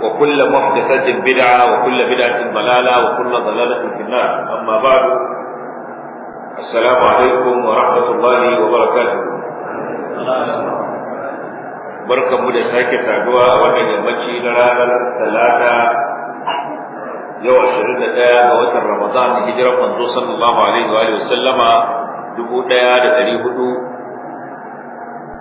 وكل محدثة بدعة وكل بدعة ضلالة وكل ضلالة في النار أما بعد السلام عليكم ورحمة الله وبركاته بركة مدى ساكة سعدوها وانا يمشي لرانا ثلاثة يوم عشرين دقيقة وتر رمضان هجرة منذ صلى الله عليه وآله وسلم دبوتا يا دقيقة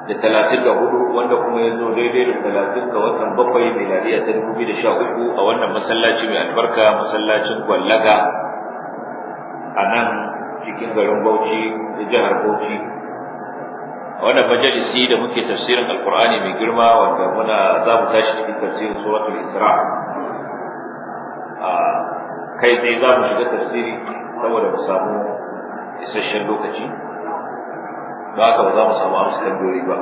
da talatin da hudu wanda kuma ya zo daidai da talatin ga watan bakwai miladiya ta dubu biyu da sha uku a wannan masallaci mai albarka masallacin gwallaga a nan cikin garin bauchi da jihar bauchi a wannan majalisi da muke tafsirin alkur'ani mai girma wanda muna za mu tashi cikin tafsirin suratul isra kai tsaye za mu shiga tafsiri saboda mu samu isasshen lokaci ba za mu samu ba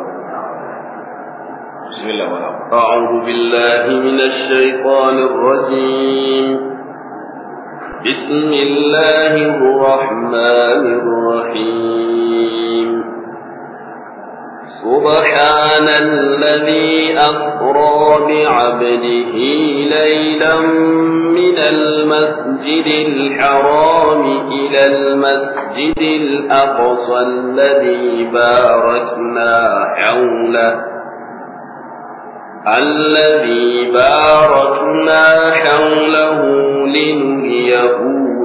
أعوذ بالله من الشيطان الرجيم بسم الله الرحمن الرحيم سبحان الذي أقرى بعبده ليلا من المسجد الحرام إلى المسجد الأقصى الذي باركنا حوله الذي باركنا حوله لنهيه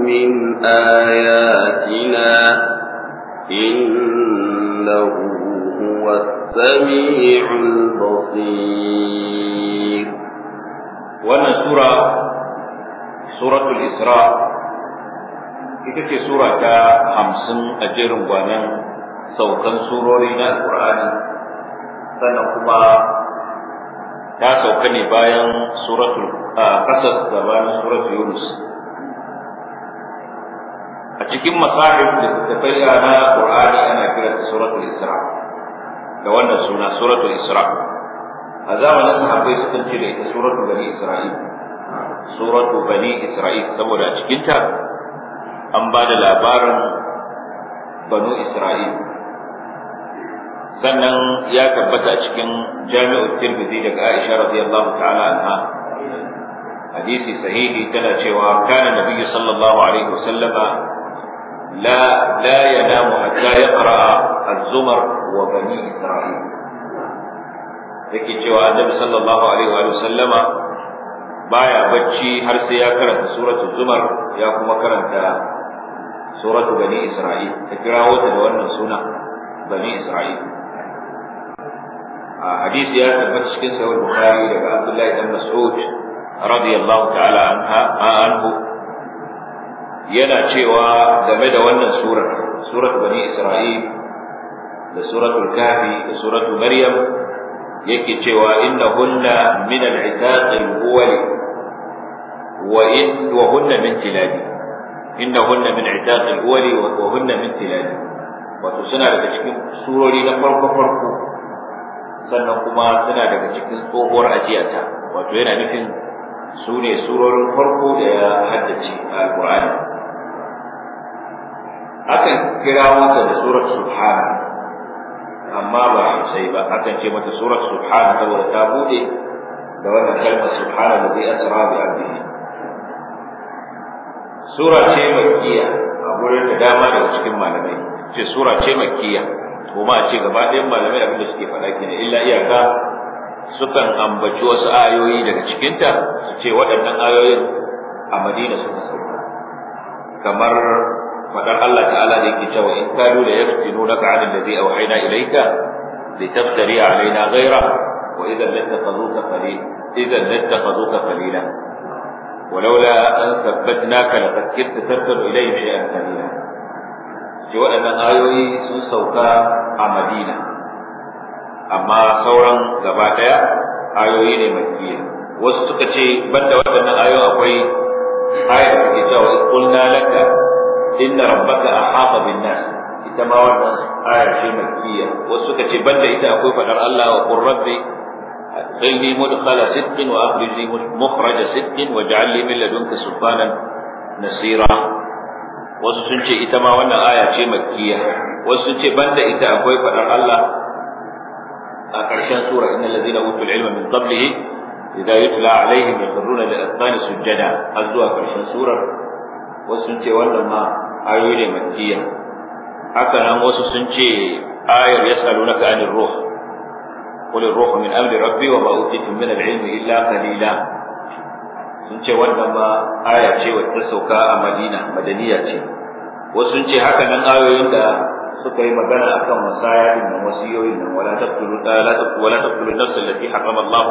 من آياتنا إنه وهو السميع البصير wannan sura suratul isra ita ce sura ta hamsin a jerin gwanan saukan surori na alkur'ani sannan kuma ta sauka ne bayan suratul qasas da bayan suratul yunus a cikin masahib da tafayya na qur'ani ana kiransa suratul israa da wannan suna suratul isra a zamanin sahabbai sukan ce da ita suratul bani isra'il suratul bani isra'il saboda a cikinta an ba da labarin banu isra'il sannan ya tabbata a cikin jami'ul tirmidhi daga aisha radiyallahu ta'ala anha hadisi sahihi tana cewa kana nabiyyu sallallahu alaihi wa sallama. لا لا ينام حتى يقرأ الزمر وبني إسرائيل yake cewa annabi sallallahu alaihi wa sallama baya bacci har sai ya karanta suratul zumar ya kuma karanta suratul bani isra'il ta kirawo ta da wannan suna bani isra'il a hadisi ya tabbata cikin sahih bukhari daga abdullahi ibn mas'ud radiyallahu ta'ala anha anhu yana cewa game da wannan surar surat bani isra'il da suratul kafi da suratul maryam yake cewa innahunna min al-itaq al-awwali wa in wa hunna min tilabi innahunna min al-itaq wa hunna min tilabi wato suna daga cikin surori na farko farko sannan kuma suna daga cikin tsohuwar ajiyata wato yana nufin su ne surorin farko da ya haddace a alqur'ani akan kira mata da surat subhana amma ba sai ba akan ce mata surat subhana saboda ta bude da wannan kalmar subhana da zai asra bi abdihi sura ce makkiya a gurin da dama daga cikin malamai ce sura ce makkiya ko ma ce gaba ɗayan malamai abin da suke faɗa kenan illa iyaka sukan ambaci wasu ayoyi daga cikinta su ce waɗannan ayoyin a madina suka sauka kamar fadar Allah ta'ala da yake cewa in kadu la yaftinunaka 'ala alladhi awhayna ilayka litaftari 'alaina ghayra wa idhan lattakhadhuka qalila ولولا أن ثبتناك لقد كدت تركن إليه شيئا قليلا ce waɗannan ayoyi sun sauka a madina amma sauran gaba ayoyi ne makiya wasu suka ce banda akwai da inna rabbaka ahata bin nas ita ma wannan aya ce makkiya wasu suka ce banda ita akwai fadar Allah wa qur rabbi adkhilni mudkhala sittin wa akhrijni mukhraja wa waj'al li min ladunka sultanan nasira wasu sun ce ita ma wannan aya ce makkiya wasu sun ce banda ita akwai fadar Allah a ƙarshen sura innal ladina utul ilma min qablihi idza yutla alaihim yakhruna lil azqani sujada har zuwa ƙarshen surar wasu sun ce wannan ma ayoyi da makkiya haka nan wasu sun ce ayar yas'alunaka anir ruh qul ar-ruhu min amri rabbi wa ma utitu min al illa qalila sun ce wannan ma aya ce wacce sauka a Madina madaniya ce wasu sun ce haka nan ayoyin da suka yi magana akan wasaya din nan wasiyoyin nan wala taqtulu la taqtulu wala taqtulu nafsa allati harrama Allah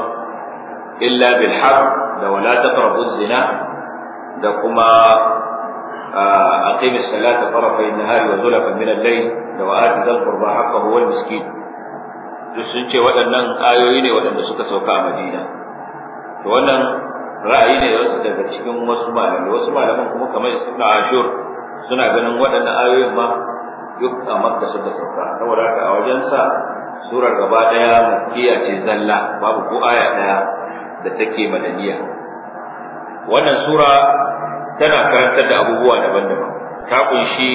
illa bil haqq da wala taqrabu zina da kuma أقيم الصلاة طرفي النهار وزلفا من الليل وآت ذا القربى حقه والمسكين duk sun ce waɗannan ayoyi ne waɗanda suka sauka a Madina to wannan ra'ayi ne wasu daga cikin wasu malamai wasu malaman kuma kamar Ibn Ashur suna ganin waɗannan ayoyin ma duk a Makka suka sauka saboda haka a wajen sa, sura gaba ɗaya makkiya ce zalla babu ko aya ɗaya da take madaniya wannan sura tana karantar da abubuwa daban-daban ta kunshi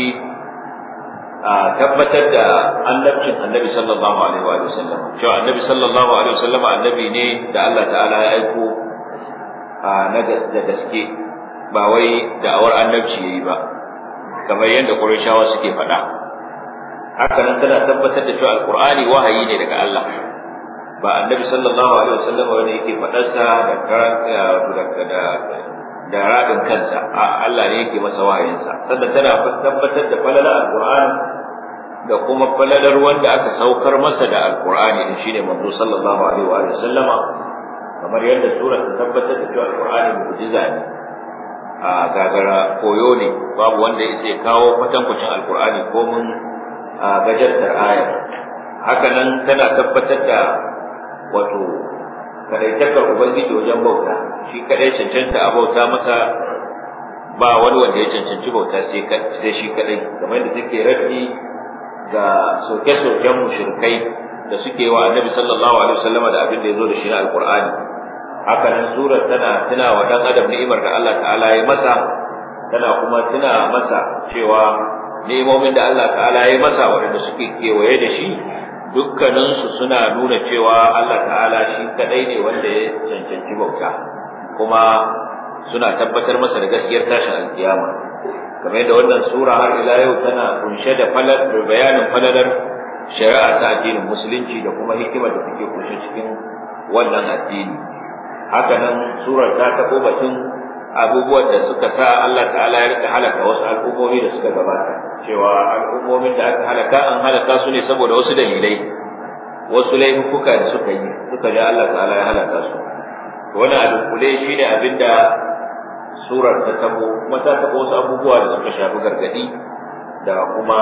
a tabbatar da annabcin annabi sallallahu alaihi wa sallam cewa annabi sallallahu alaihi wa sallam annabi ne da Allah ta'ala ya aiko da gaske ba wai da'awar annabci yayi ba kamar yadda Qurayshawa suke faɗa haka nan tana tabbatar da cewa alqur'ani wahayi ne daga Allah ba annabi sallallahu alaihi wa sallam wani yake faɗarsa da karanta da da radin kansa a Allah ne yake masa wayarsa. sannan tana tabbatar da falalar alqur'ani da kuma falalar wanda aka saukar masa da alqur'ani din shine manzo sallallahu alaihi wa sallama kamar yadda sura ta tabbatar da cewa qurani mu'jiza ne a gagara koyo ne babu wanda ya kawo kwatankwacin qurani ko mun gajartar aya haka nan tana tabbatar da wato kadaitakar ubangiji wajen bauta shi kadai cancanta a bauta masa ba wani wanda ya cancanci bauta sai shi kadai kamar da suke rafi ga soke-soken mushrikai da suke wa annabi sallallahu alaihi wasallam da abin da ya zo da shi na alqur'ani haka nan surar tana tana wa dan adam ni'imar da Allah ta'ala ya masa tana kuma tuna masa cewa ni'imomin da Allah ta'ala ya masa waɗanda suke kewaye da shi dukkaninsu suna nuna cewa Allah ta'ala shi kadai ne wanda ya cancanci bauta kuma suna tabbatar masa da gaskiyar tashin alkiyama kamar da wannan sura har ila yau tana kunshe da da bayanin falalar shari'a ta addinin musulunci da kuma hikimar da take kunshe cikin wannan addini haka nan surar ta tabo batun abubuwan da suka sa Allah ta'ala ya rika halaka wasu al'ummomi da suka gabata cewa al'ummomin da aka halaka an halaka su ne saboda wasu dalilai wasu laifuka da suka yi suka ji Allah ta'ala ya halaka su wannan adukulai shi ne abinda surar ta tabo kuma ta tabo wasu abubuwa da suka shafi gargadi da kuma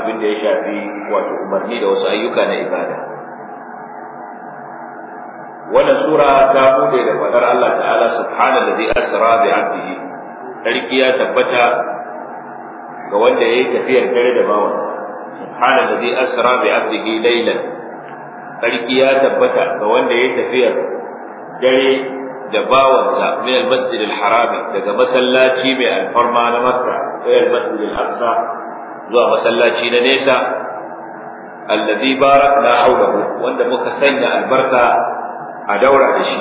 abin da ya shafi wato umarni da wasu ayyuka na ibada wannan sura ta bude da fadar Allah ta'ala subhanallazi asra bi 'abdihi tarkiya ya tabbata ga wanda ya yi tafiyar dare da bawa subhana allazi asra bi abdihi laylan sarki ya tabbata ga wanda ya yi tafiyar dare da bawansa min al-masjid al-haram daga masallaci mai alfarma na makka ila al-masjid al-aqsa zuwa masallaci na nesa allazi barakna hawlahu wanda muka sanya albarka a daura da shi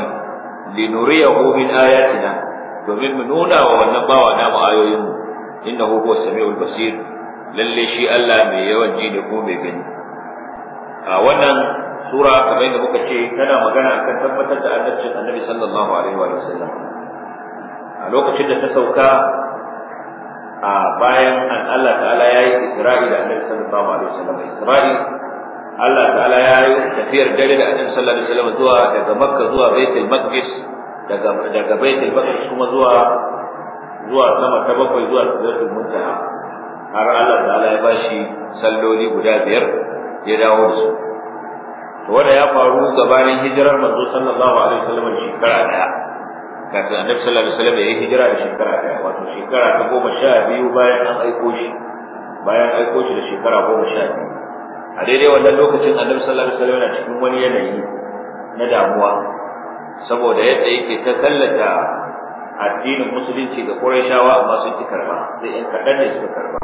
linuriyahu min ayatina domin mu nuna wa wannan bawa namu ayoyinmu Inna innahu huwa samiul basir lalle shi Allah mai yawan ji ne ko mai gani a wannan sura kamar yadda muka ce tana magana akan tabbatar da annabcin annabi sallallahu alaihi wa sallam a lokacin da ta sauka a bayan an Allah ta'ala ya yi isra'i da annabi sallallahu alaihi wa sallam isra'i Allah ta'ala ya yi tafiyar dare da annabi sallallahu alaihi wa sallam zuwa daga makka zuwa baitul maqdis daga daga baitul maqdis kuma zuwa zuwa sama ta bakwai zuwa sidratul muntaha har Allah ta'ala ya bashi salloli guda biyar ya dawo da su to wanda ya faru gabanin hijirar manzo sallallahu alaihi wasallam shekara daya kafin annabi sallallahu alaihi wasallam ya yi hijira da shekara daya wato shekara ta goma sha biyu bayan an aiko shi bayan aiko shi da shekara goma sha biyu a daidai wannan lokacin annabi sallallahu alaihi wasallam yana cikin wani yanayi na damuwa saboda yadda yake ta tallata addinin musulunci ga Qurayshawa amma sun ci karba sai ɗan kaɗan ne suka karba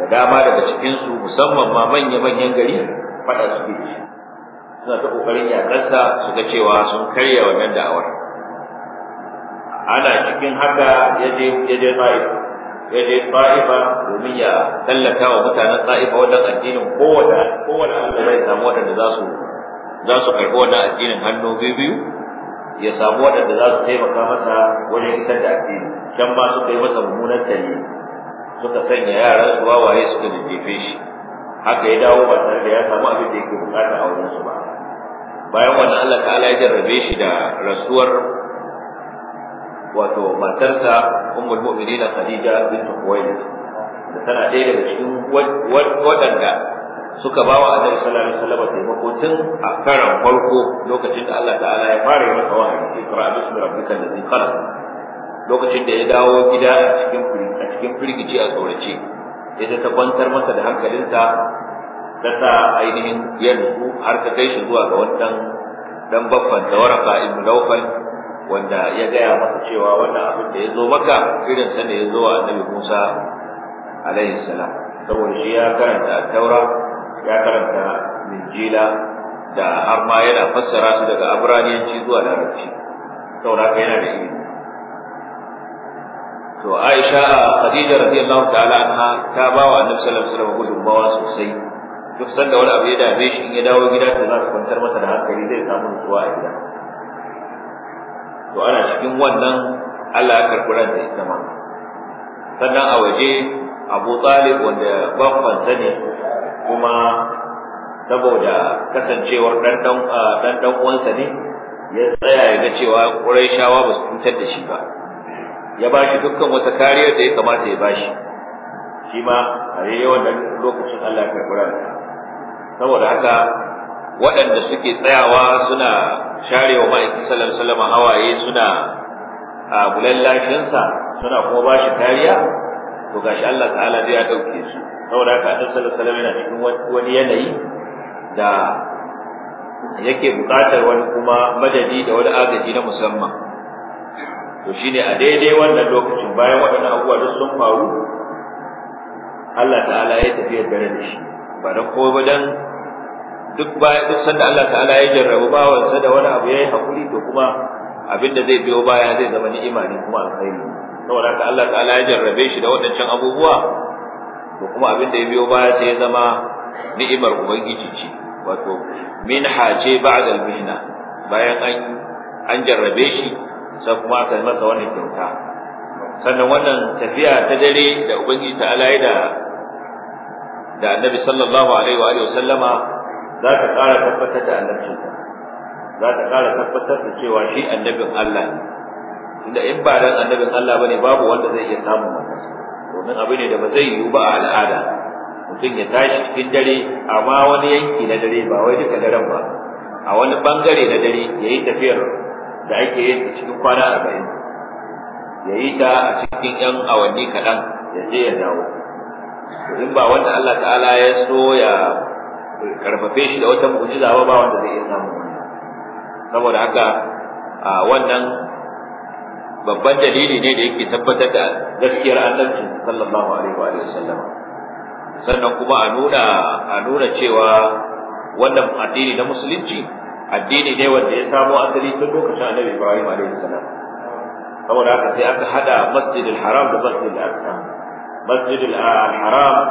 da dama daga cikin su musamman ma manya-manyan gari faɗa suke ke shi suna ta ƙoƙarin yaƙarsa su ga cewa sun karya wannan da'awar ana cikin haka ya je ya je ta'if ya je ta'ifa domin ya tallata wa mutanen ta'ifa wannan addinin kowane kowane Allah zai samu wadanda za su za su karɓi wannan addinin hannu biyu biyu ya samu waɗanda za su taimaka masa wajen isar da addini can ba su kai masa mummunan tali suka sanya yaran su wawaye suka jajjefe shi haka ya dawo ba tare da ya samu abin da yake bukata a su ba bayan wannan Allah ta'ala ya jarrabe shi da rasuwar wato matarsa ummul mu'minin Khadija bint Khuwailid da tana ɗaya daga cikin waɗanda suka ba wa annabi sallallahu alaihi wasallam taimako tun a karan farko lokacin da Allah ta'ala ya fara yi masa wahayi Iqra bismi rabbikal ladhi khalaq lokacin da ya dawo gida a cikin a cikin firgici a tsorace ya ta kwantar masa da hankalinsa ta sa ainihin yanzu har ta kai shi zuwa ga wannan dan babban da waraka ibnu lawfal wanda ya gaya masa cewa wannan abin da ya zo maka irin sanda ne ya zo wa annabi Musa alaihi salam saboda shi ya karanta taura ya karanta injila da har ma yana fassara su daga abraniyanci zuwa larabci saboda haka yana da ilimi to Aisha Khadija radiyallahu ta'ala anha ta ba wa Annabi sallallahu alaihi wasallam gudunmawa sosai duk sanda wani abu ya dame shi in ya dawo gida to za ta kwantar masa da hankali zai samu nutsuwa a gida to ana cikin wannan Allah ya karɓi da ita ma sannan a waje Abu Talib wanda kwanta ne. kuma saboda kasancewar dan dan uwansa ne ya tsaya ya ga cewa Qurayshawa ba su cutar da shi ba ya ba shi dukkan wata kariyar da ya kamata ya bashi shi ma a yawan lokacin Allah ya karɓi saboda haka waɗanda suke tsayawa suna sharewa wa ma'aikin sallallahu alaihi hawaye suna a lafiyarsa suna kuma ba shi kariya to gashi Allah ta'ala zai ya ɗauke su saboda haka annabi sallallahu alaihi wasallam yana cikin wani yanayi da yake buƙatar wani kuma madadi da wani agaji na musamman to shine a daidai wannan lokacin bayan waɗannan abubuwa duk sun faru Allah ta'ala ya tafi dare da shi ba da ko ba duk baya duk sanda Allah ta'ala ya jarrabu ba wansa da wani abu yayi hakuri to kuma abinda zai biyo baya zai zama ni'ima ne kuma alkhairi saboda haka Allah ta'ala ya jarrabe shi da waɗancan abubuwa to kuma abin da ya biyo baya sai ya zama ni'imar ubangiji ce wato minha ce ba'da al-mihna bayan an jarrabe shi sai kuma aka masa wannan kyauta sannan wannan tafiya ta dare da ubangiji ta alai da da annabi sallallahu alaihi wa alihi sallama za ta ƙara tabbatar da annabcinsa za ta ƙara tabbatar da cewa shi annabin Allah ne inda in ba dan annabin Allah bane babu wanda zai iya samun wannan domin abu ne da ba zai yiwu ba a al'ada mutum ya tashi cikin dare amma wani yanki na dare ba wai duka daren ba a wani bangare na dare ya yi tafiyar da ake yin ta cikin kwana arba'in ya yi ta a cikin yan awanni kaɗan ya je ya dawo domin ba wanda Allah ta'ala ya so ya karfafe shi da wata mu'jiza ba ba wanda zai iya samu wannan saboda haka wannan babban dalili ne da yake tabbatar da gaskiyar annabi sallallahu alaihi wa sallam sannan kuma a nuna a nuna cewa wannan addini na musulunci addini ne wanda ya samo asali tun lokacin annabi Ibrahim alaihi salam saboda haka sai aka hada masjidil haram da masjidil aqsa masjidil ah, haram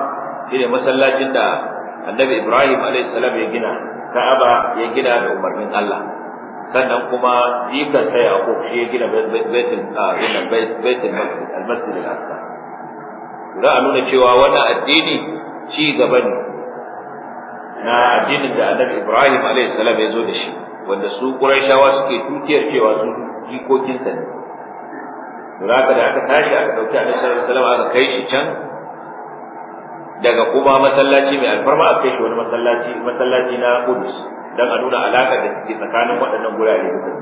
shine masallacin da annabi Ibrahim alaihi salam ya gina Ka'aba ya gina da umarnin Allah sannan kuma jikan sai a shi ya gina baitin abin baitin almasjid al-aqsa za a nuna cewa wannan addini ci gaba ne na addinin da annabi Ibrahim alaihi salam ya zo da shi wanda su Qurayshawa suke tukiyar cewa su jikokinsa ne ka da aka tashi aka dauki annabi sallallahu alaihi wasallam aka kai shi can daga kuma masallaci mai alfarma aka kai shi wani masallaci masallaci na Qudus dan a nuna alaka da suke tsakanin waɗannan gurare da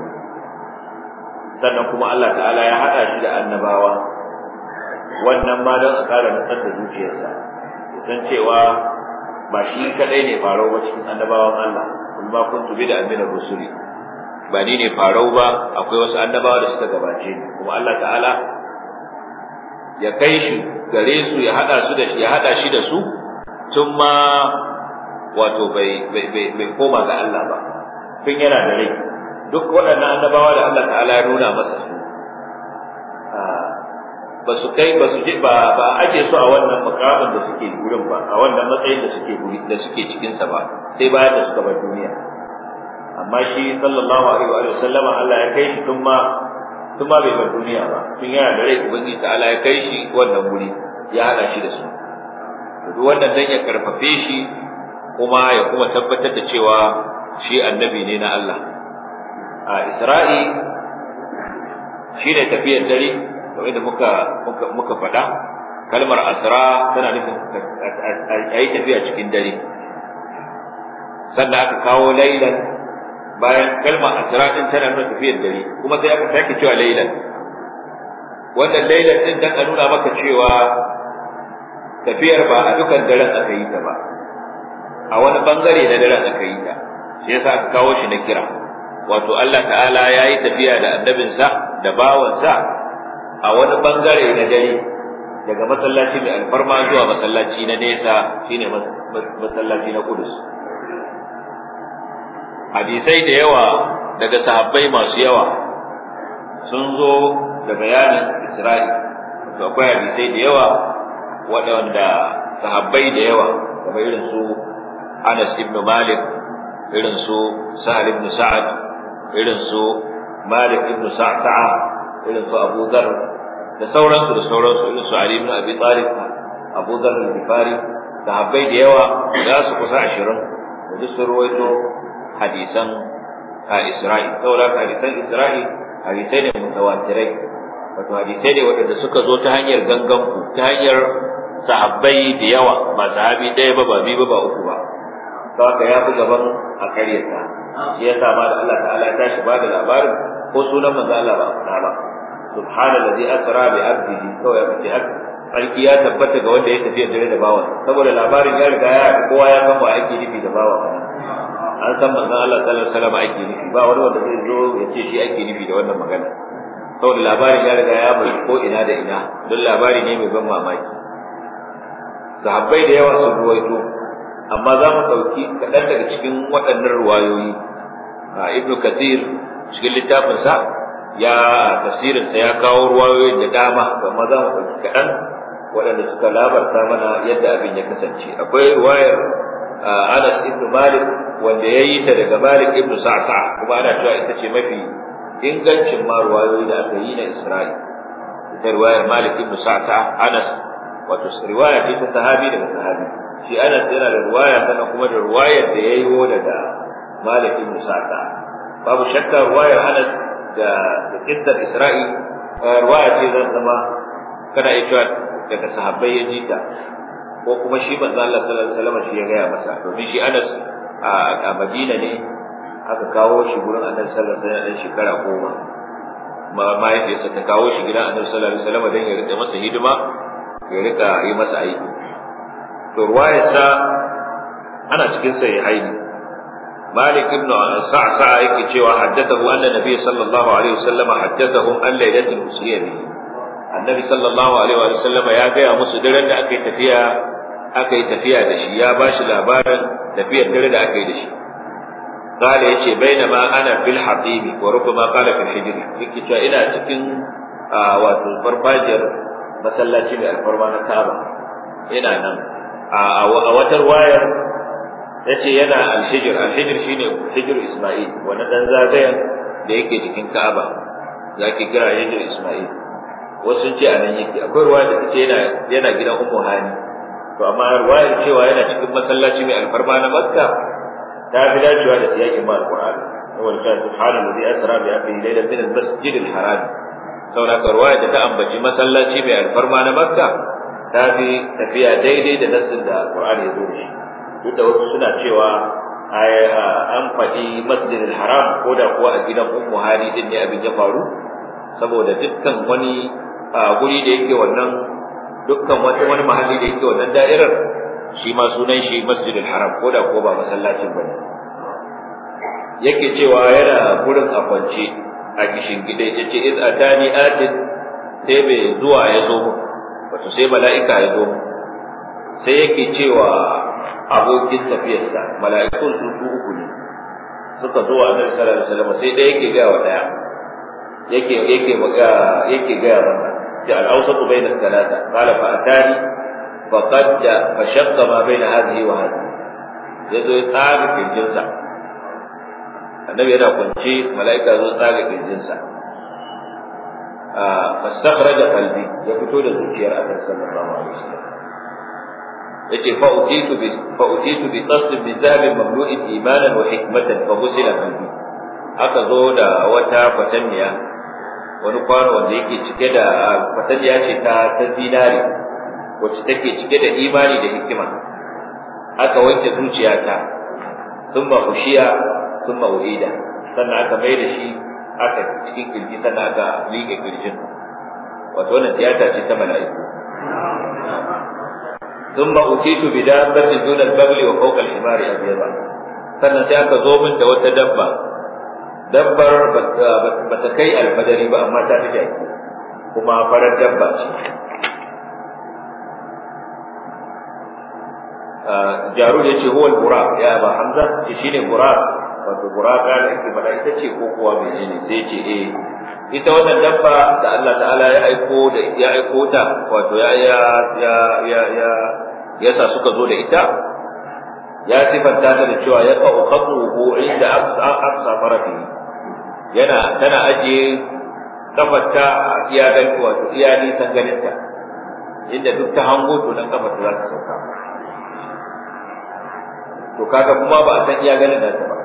sannan kuma Allah ta'ala ya haɗa shi da annabawa wannan ma don a ƙara nutsar da zuciyarsa san cewa ba shi kaɗai ne farau ba cikin annabawan Allah kuma kun tubi da amina rusuli ba ni ne farau ba akwai wasu annabawa da suka gabace ni kuma Allah ta'ala ya kai shi gare su ya hada su da ya haɗa shi da su tun ma wato bai koma ga Allah ba tun yana da rai duk waɗannan annabawa da Allah ta'ala ya nuna masa su ah, ba su kai ba su je ba ba ake so a wannan makamin da suke gurin ba a wannan matsayin da suke guri da suke cikin sa ba sai bayan da suka bar duniya amma shi sallallahu alaihi wa sallama Allah ya kai shi tun ma tun ma bai bar duniya ba tun yana da rai ubangiji ta'ala ya kai shi wannan guri ya hada shi da su duk wannan dan ya karfafe shi kuma ya kuma tabbatar da cewa shi annabi ne na Allah a Isra'i shi ne tafiyar dare kamar da muka muka faɗa kalmar asra tana nufin a yi tafiya cikin dare sannan aka kawo lailan bayan kalmar asra din tana nuna tafiyar dare kuma sai aka sake cewa lailan wannan lailan din dan a nuna maka cewa tafiyar ba a dukan daren aka yi ta ba a wani bangare na daren aka yi ta shi yasa aka kawo shi na kira wato Allah ta'ala ya yi tafiya da annabinsa da bawansa a wani bangare na dare daga masallaci mai alfarma zuwa masallaci na nesa shine masallaci na kudus hadisai da yawa daga sahabbai masu yawa sun zo da bayanin isra'i to akwai hadisai da yawa waɗanda sahabbai da yawa kamar irin su Anas ibn Malik irin su Sa'ad ibn Sa'ad irin su Malik ibn Sa'sa'a irin su Abu Dhar da sauransu da sauransu irin su Ali ibn Abi Talib Abu Dhar al-Ghifari sahabbai da yawa za su kusa ashirin da duk sun ruwaito hadisan a Isra'il, saboda hadisan Isra'il hadisai ne mutawatirai wato hadisai ne waɗanda suka zo ta hanyar gangan ku ta hanyar sahabbai da yawa ba sahabi ɗaya ba ba biyu ba ba uku to haka ya fi gaban a karyata shi sa ma da Allah ta'ala ta shi ba da labarin ko sunan manzo Allah ba a ba subhanallazi asra bi abdihi kawai ya fi alki ya tabbata ga wanda ya tafi dare da bawan saboda labarin ya riga ya kowa ya san ba ake nufi da bawa ba an san manzo Allah sallallahu alaihi wasallam ake nufi ba wani wanda zai zo ya ce shi ake nufi da wannan magana saboda labarin ya riga ya bai ko ina da ina don labari ne mai ban mamaki sahabbai da yawa sun ruwaito amma za mu ɗauki kaɗan daga cikin waɗannan ruwayoyi a ibnu kathir cikin littafinsa ya tasirinsa ya kawo ruwayoyin da dama amma za mu ɗauki kaɗan waɗanda suka labarta mana yadda abin ya kasance akwai ruwayar anas ibnu malik wanda ya yi ta daga malik ibnu sa'sa kuma ana cewa ita ce mafi ingancin ma ruwayoyi da aka yi na isra'il ita ruwayar malik ibnu sa'sa anas wato riwaya ce ta sahabi daga sahabi shi ana tsira da ruwaya sannan kuma da ruwayar da ya yi daga malik ibn sa'da babu shakka ruwayar anas da da kissar isra'i eh, ruwaya ce zan zama kana iya cewa daga sahabbai ya ji ko kuma shi manzo Allah sallallahu alaihi wasallam shi ya gaya masa domin shi anas a Madina ne aka kawo shi gurin annabi sallallahu alaihi wasallam shekara goma mahaifiyarsa ta kawo shi gidan annabi sallallahu alaihi wasallam dan ya rika masa hidima ya rika yi masa aiki to ruwayarsa ana cikin sahihaini مالك بن سعسع يكي حدثه أن النبي صلى الله عليه وسلم حدثهم أن ليلة أسري به النبي صلى الله عليه وسلم يا جاء مسدرن da akai tafiya akai tafiya da shi ya bashi labarin tafiyar dare da akai da shi kale yace bainama ana fil hatibi wa rubama qala fil hijr yake cewa ina cikin ah, wato farfajiyar masallaci mai alfarma ina nan a watar wayar ya ce yana alhijir alhijir ne hijir isma'il wani ɗan zagayen da yake jikin ka'aba za ki ga hijir isma'il wasu ce a nan yake akwai ruwa da ce yana gidan Umu hani to amma ruwayar cewa yana cikin masallaci mai alfarma na makka ta fi dacewa da siyakin ma alƙur'ani wani kan subhanahu wa asra bi abdi aka yi al-masjid masjidin haram saboda ruwa da ta ambaci masallaci mai alfarma na makka ta fi tafiya daidai da nassin da Qur'an ya zo shi duk da wasu suna cewa an faɗi masjidil haram ko da kuwa a gidan ummu hari din ne abin ya faru saboda dukkan wani guri da yake wannan dukkan wani wani mahalli da yake wannan da'irar shi ma sunan shi masjidil haram ko da kuwa ba masallacin ba ne yake cewa yana gurin a kwance a kishin gida ya ce iz atani adin sai bai zuwa ya zo mu wato sai mala'ika ya zo sai yake cewa abokin tafiyarsa mala'ikun sun su uku ne suka zo a nan sallallahu salama sai ɗaya yake gaya wa ɗaya yake yake maka yake gaya masa ya al-awsat bayna thalatha qala fa atani fa qad fa shaqqa ma bayna hadhihi wa hadhihi yazo ya tsaga kirjinsa annabi yana kwance mala'ika zo tsaga kirjinsa fastakhraja qalbi ya fito da zuciyar annabi sallallahu alaihi wasallam yace fa utitu bi fa utitu bi tasdid bi zabi mamlu'in imanan wa hikmatan fa husila qalbi aka zo da wata kwatanniya wani kwano wanda yake cike da kwatanniya ce ta ta zinari wacce take cike da imani da hikima aka wanke zuciyata sun ba hushiya sun ba sannan aka mai da shi aka cikin kirji sannan aka liƙe kirjin wato wannan tiyata ce ta mala'iku ثم أتيت بدابة دون البغل وفوق الحمار أبيضا sannan sai aka zo min da wata dabba dabbar ba ta kai alfadari ba amma ta fi jaki kuma farar dabba ce ah, jaru ya ce huwal burak ya ba hamza shi ne burak wato guraga da ake bada ita ce ko kuwa mai jini sai ce eh ita wannan dabba da Allah ta'ala ya aiko da ya aiko ta wato ya ya ya ya ya yasa suka zo da ita ya sifanta ta da cewa ya qa'u qatuhu inda aqsa aqsa farati yana tana aje kafarta iya ganin wato iya nisan ganin ta inda duk ta hango to nan kafarta za ta sauka to kaga kuma ba a san iya ganin ta ba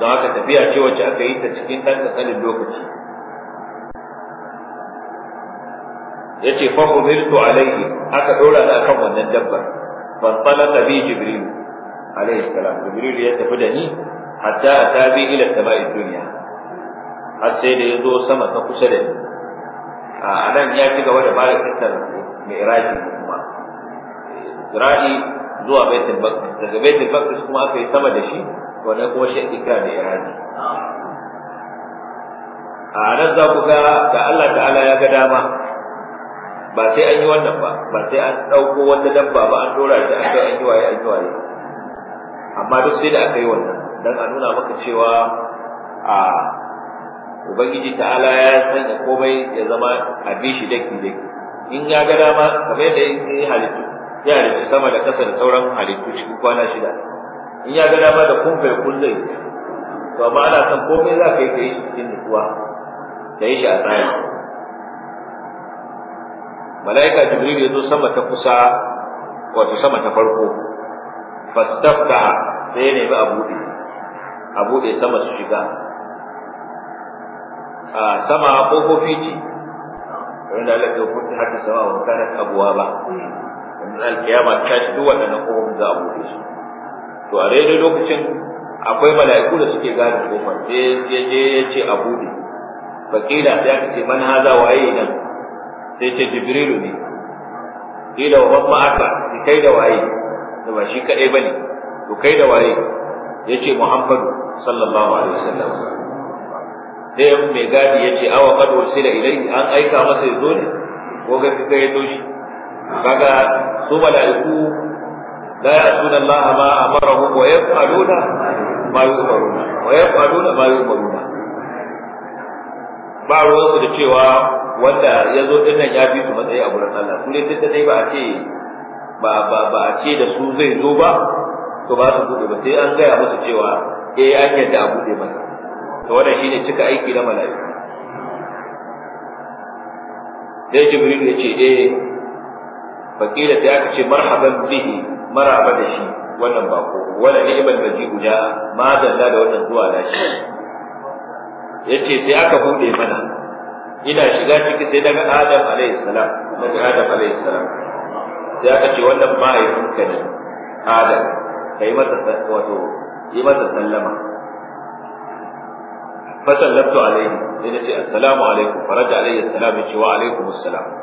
da aka tafiya ce wacce aka yi ta cikin ɗan ƙanƙanin lokaci ya ce fa umirtu alaihi aka ɗora da akan wannan dabbar ban ta bi jibril alaihi salam jibril ya tafi da ni hatta ta bi ila sama'i duniya har sai da ya zo sama ta kusa da ni a nan ya ci gaba da bada mai iraki kuma iraki zuwa baitin maqdis daga baitin maqdis kuma aka yi sama da shi wadda ko shaɗika da irani a nan za ku ga da Allah ta'ala ya ga dama ba sai an yi wannan ba ba sai an ɗauko wata dabba ba an dora shi an kai an yi waye an yi waye amma duk sai da aka yi wannan don a nuna maka cewa a ubangiji ta'ala ya sanya komai ya zama a bi shi daki daki in ya ga dama kamar yadda ya halittu ya halittu sama da ƙasa da sauran halittu cikin kwana shida in ya gada ba da kun kullum kun zai to amma ana san komai za ka yi ka yi shi cikin nutsuwa ka yi shi a tsaya mala'ika jibril ya zo sama ta kusa wato sama ta farko fastafta sai ya nemi a buɗe a buɗe sama su shiga a sama ƙofofi ce da alaƙa yau furta hatta sama wa kanar abuwa ba Wani alƙiyama ta shi duk wannan ƙofofin za a buɗe su to a daidai lokacin akwai mala'iku da suke gane kofar sai je ya ce a buɗe fakila sai aka ce man haza wa ayi nan sai ce jibrilu ne kila wa man ma'aka kai da waye da ba shi kadai bane to kai da waye ya ce muhammadu sallallahu alaihi wasallam sai mai gadi ya ce awa sai da ilai an aika masa ya zo ne ko ga kika yazo shi kaga su mala'iku لا يأتون الله ما amarahum ويفعلون ما يؤمرون ويفعلون ما يؤمرون بعض الناس ba ruwansu da cewa wanda ya zo أبو nan su matsayi a gurin Allah su ne duk dai ba a ce ba a ce da su zai zo ba to ba su ba sai an gaya musu eh, a bude cika jibril ya ce eh fakila sai aka ce marhaban bihi Mara ba da shi wannan bako wala ni'mal maji'u guda ma dalla da wannan zuwa da shi yace sai aka bude mana ina shiga ciki sai daga Adam alaihi salam daga Adam alaihi salam sai aka ce wannan mahaifinka ne Adam kai masa wato yi mata sallama fa sallatu alaihi sai ce assalamu alaikum faraja alaihi salam yace wa alaikum assalam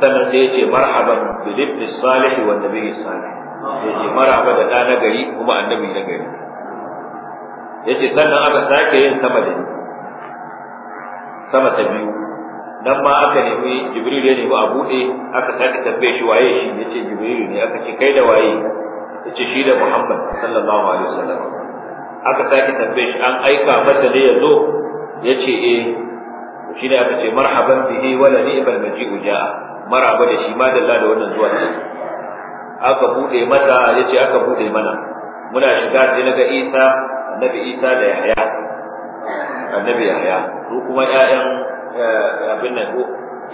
sannan sai yace marhaban bil ibn salih wa nabiy salih yace marhaba da da nagari kuma annabi nagari yace sannan aka sake yin sama da sama ta biyu dan ma aka nemi jibril ya nemi a bude aka sake tambaye shi waye shi yace jibril ne aka ce kai da waye yace shi da muhammad sallallahu alaihi wasallam aka sake tambaye shi an aika masa ne yazo yace eh shi ne aka ce marhaban bihi wala ni'mal maji'u ja'a maraba da shi madalla da wannan zuwa da aka bude mata yace aka bude mana muna shiga sai naga Isa annabi Isa da Yahya annabi Yahya su kuma ƴaƴan eh, abin nan ko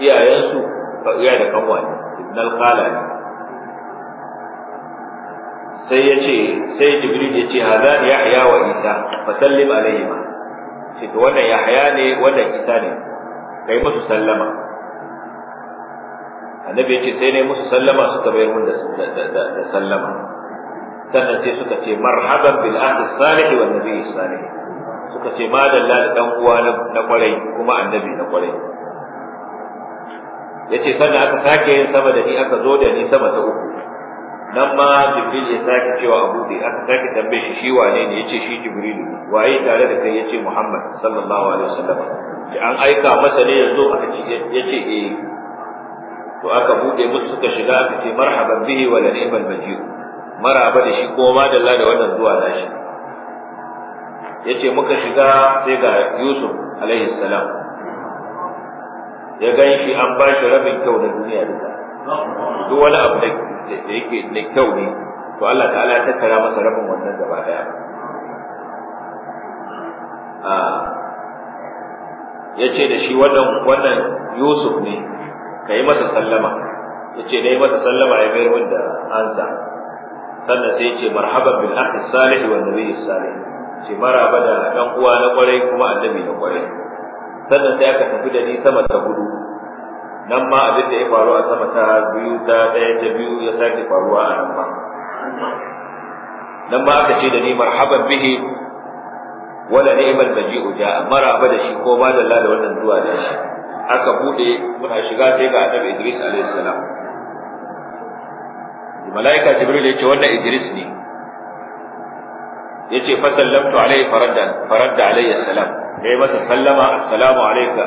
iyayensu ba iya da kanwa ne ibn al-Qala ne sai yace sai Jibril yace hada Yahya wa Isa fa sallim alaihima shi to wannan Yahya ne wannan Isa ne kai musu sallama annabi ya ce sai ne musu sallama suka bayar mun da sallama sannan sai suka ce marhaban bil ahli salih wal nabi salih suka ce ma da dan uwa na kwarai kuma annabi na kwarai yace sannan aka sake yin sama da ni aka zo da ni sama ta uku nan ma jibril ya sake cewa abu dai aka sake tambaye shi shi wane ne yace shi jibril waye tare da kai yace muhammad sallallahu alaihi wasallam an aika masa ne yanzu aka ce yace eh to aka bude musu suka shiga aka ce marhaban bihi wa ni'mal majid maraba da shi kuma madalla da wannan zuwa nashi yace muka shiga sai ga Yusuf alaihi salam ya ga shi an ba shi rabin kyau da duniya duka duk wani abu da yake da kyau ne to Allah ta'ala ya tattara masa rabin wannan gaba daya ah. ya yace da shi wannan Yusuf ne ka yi masa sallama ya ce na masa sallama ya mayar min da ansa sannan sai ya ce marhaban bil akhi salih wal nabi salih ce maraba da dan uwa na kwarai kuma annabi na kwarai sannan sai aka tafi da ni sama ta gudu nan ma abin da ya faru a sama ta biyu ta daya ta biyu ya sake faruwa a nan ma nan ma aka ce da ni marhaban bihi wala ni'mal maji'u ja maraba da shi ko ma da wannan zuwa da shi aka bude muna shiga sai ga annabi Idris alayhi salam malaika Jibril ya ce wannan Idris ne yace fa sallamtu alayhi faradda faradda alayhi salam yayi masa sallama assalamu alayka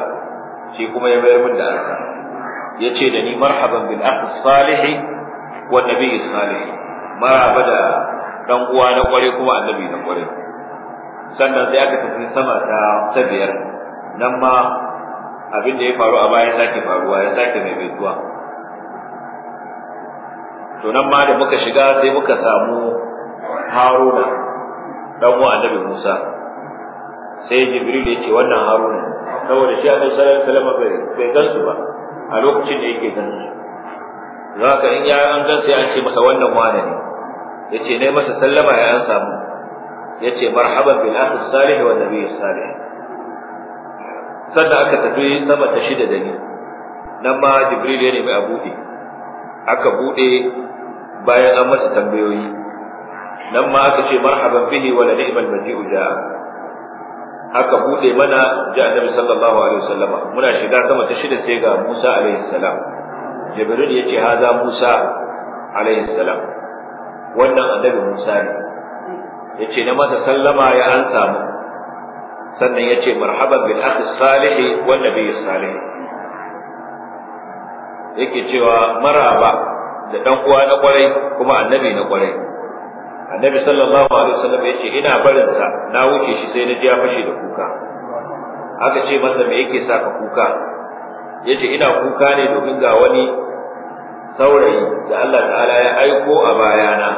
shi kuma ya bayar min da arsa yace da ni marhaban bil akh salih wa nabiyyi salih marhaba da dan uwa na kware kuma annabi na kware sannan sai aka tafi sama ta sabiyar nan ma abin da ya faru a baya sake faruwa ya sake maimaituwa to nan ma da muka shiga sai muka samu haruna dan wa annabi musa sai jibril ya ce wannan haruna saboda shi annabi sallallahu alaihi wasallam bai gansu ba a lokacin da yake gansu za ka in ya an gansu ya ce masa wannan wane ne ya ce ne masa sallama ya an samu ya ce marhaban bil akhi salih wa nabiy salih sannan aka tafi sama ta shida da ni nan ma jibril ya nemi a buɗe aka buɗe bayan an masa tambayoyi nan ma aka ce marhaban bihi wala ni'mal maji'u ja'a aka buɗe mana ji annabi sallallahu alaihi wasallam muna shiga sama ta shida sai ga Musa alaihi salam jibril ya ce haza Musa alaihi salam wannan annabi Musa ne yace na masa sallama ya ansa mu sannan ya ce marhaban bil akhi salihi wan nabiy salih yake cewa maraba da dan uwa na kwarai kuma annabi na kwarai annabi sallallahu alaihi wasallam ya ce ina barin sa na wuce shi sai na ji ya fashe da kuka aka ce masa me yake sa ka kuka yace ina kuka ne domin ga wani saurayi da Allah ta'ala ya aiko a bayana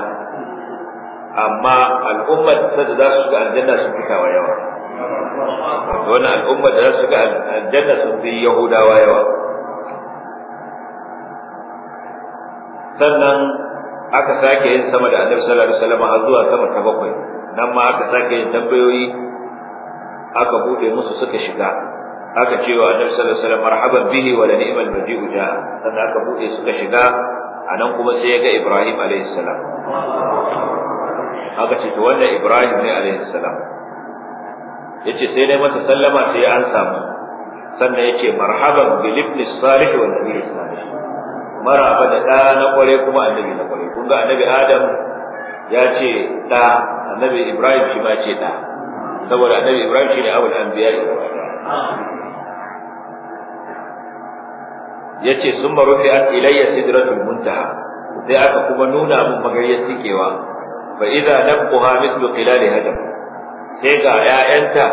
amma al'ummar da za su ga aljanna sun fita wa yawa wannan al'ummar da za su ga aljanna sun fi yahudawa yawa sannan aka sake yin sama da annabi sallallahu alaihi wasallam har zuwa sama ta bakwai nan ma aka sake yin tambayoyi aka bude musu suka shiga aka ce wa annabi sallallahu alaihi wasallam marhaban bihi wa la ni'mal maji'u ja sannan aka bude suka shiga a nan kuma sai ya ga Ibrahim alaihi salam aka ce to wannan Ibrahim ne alaihi salam yace sai dai masa sallama sai an samu sannan yace marhaban bil ibn salih wal nabi salih maraba da da na kware kuma annabi na kware kun ga annabi adam ya ce da annabi ibrahim shi ma ce da saboda annabi ibrahim shi ne abul anbiya yace summa rufi'at ilayya sidratul muntaha sai aka kuma nuna mun magariyar tikewa fa idza nabquha mithlu qilal hadam sai ga ‘ya'yanta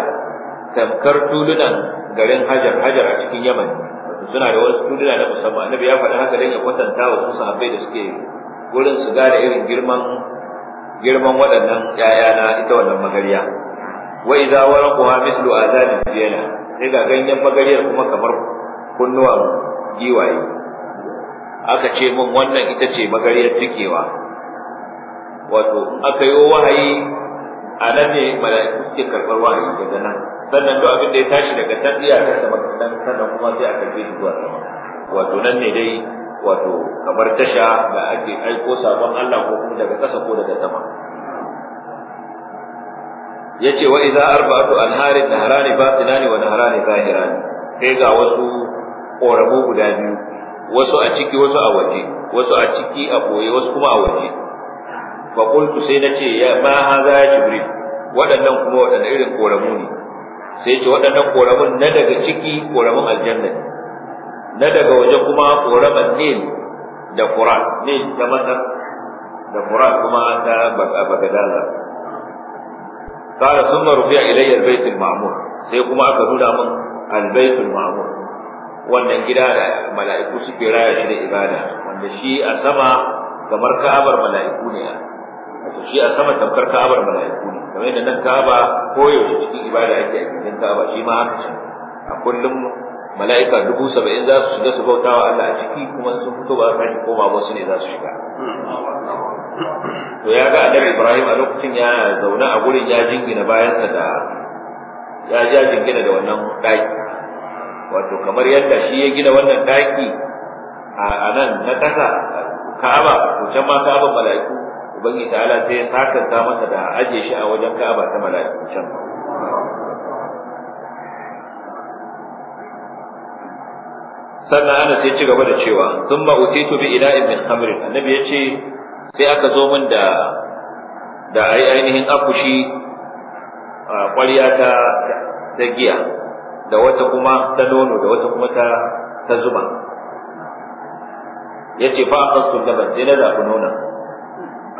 tamkar tulunan garin hajar hajar a cikin yaman suna da wasu tuduna na musamman annabi ya faɗi haka dan ya kwatanta wa su sahabbai da suke gurin su gane irin girman girman waɗannan ƴaƴa na ita wannan magariya wa idza warquha mithlu azan biyana sai ga ganyen magariyar kuma kamar kunnuwan giwaye aka ce mun wannan ita ce magariyar tikewa wato aka yi wahayi a nan ne mala'iku suke karɓar wahayi daga nan sannan to abin da ya tashi daga can iya ta sama sannan kuma sai a karɓe shi zuwa sama wato nan ne dai wato kamar tasha da ake aiko sabon Allah ko kuma daga ƙasa ko daga sama yace wa idza arba'atu anhari nahrani batinani wa nahrani zahirani sai ga wasu ƙoramu guda biyu wasu a ciki wasu a waje wasu a ciki a boye wasu kuma a waje fa qultu sai nace ya ma hadha ya jibril waɗannan kuma wadannan irin koramu ne sai ce waɗannan koramu na daga ciki koramun aljanna na daga waje kuma koraman ne da qur'an ne ta masar da qur'an kuma ta bagadaza قال ثم رفع ilayya البيت المعمور sai kuma aka nuna min albaitul ma'mur wannan gida da mala'iku suke raya shi da ibada wanda shi a sama kamar ka'abar mala'iku ne shi a sama tamkar ka'abar mala'iku ne kamar yadda nan ka'aba koyaushe cikin ibada ake a cikin ka'aba shi ma haka ce a kullum mala'ika dubu saba'in za su shiga su bauta wa Allah a ciki kuma sun fito ba za su koma wasu ne za su shiga to ya ga annabi Ibrahim a lokacin ya zauna a gurin ya jingina bayansa da ya ja jingina da wannan daki wato kamar yadda shi ya gina wannan daki a nan na ƙasa Ka'aba ko can ma Ka'aba mala'iku ubangiji ta'ala sai ya ta masa da aje shi a wajen ka'aba ta mala'iku can sannan ana sai ci gaba da cewa sun ba utitu bi ila'in min hamrin annabi ya ce sai aka zo min da da ainihin akushi a ƙwarya ta ta giya da wata kuma ta nono da wata kuma ta ta zuma ya ce fa aka sun gaba sai na zaɓi nonon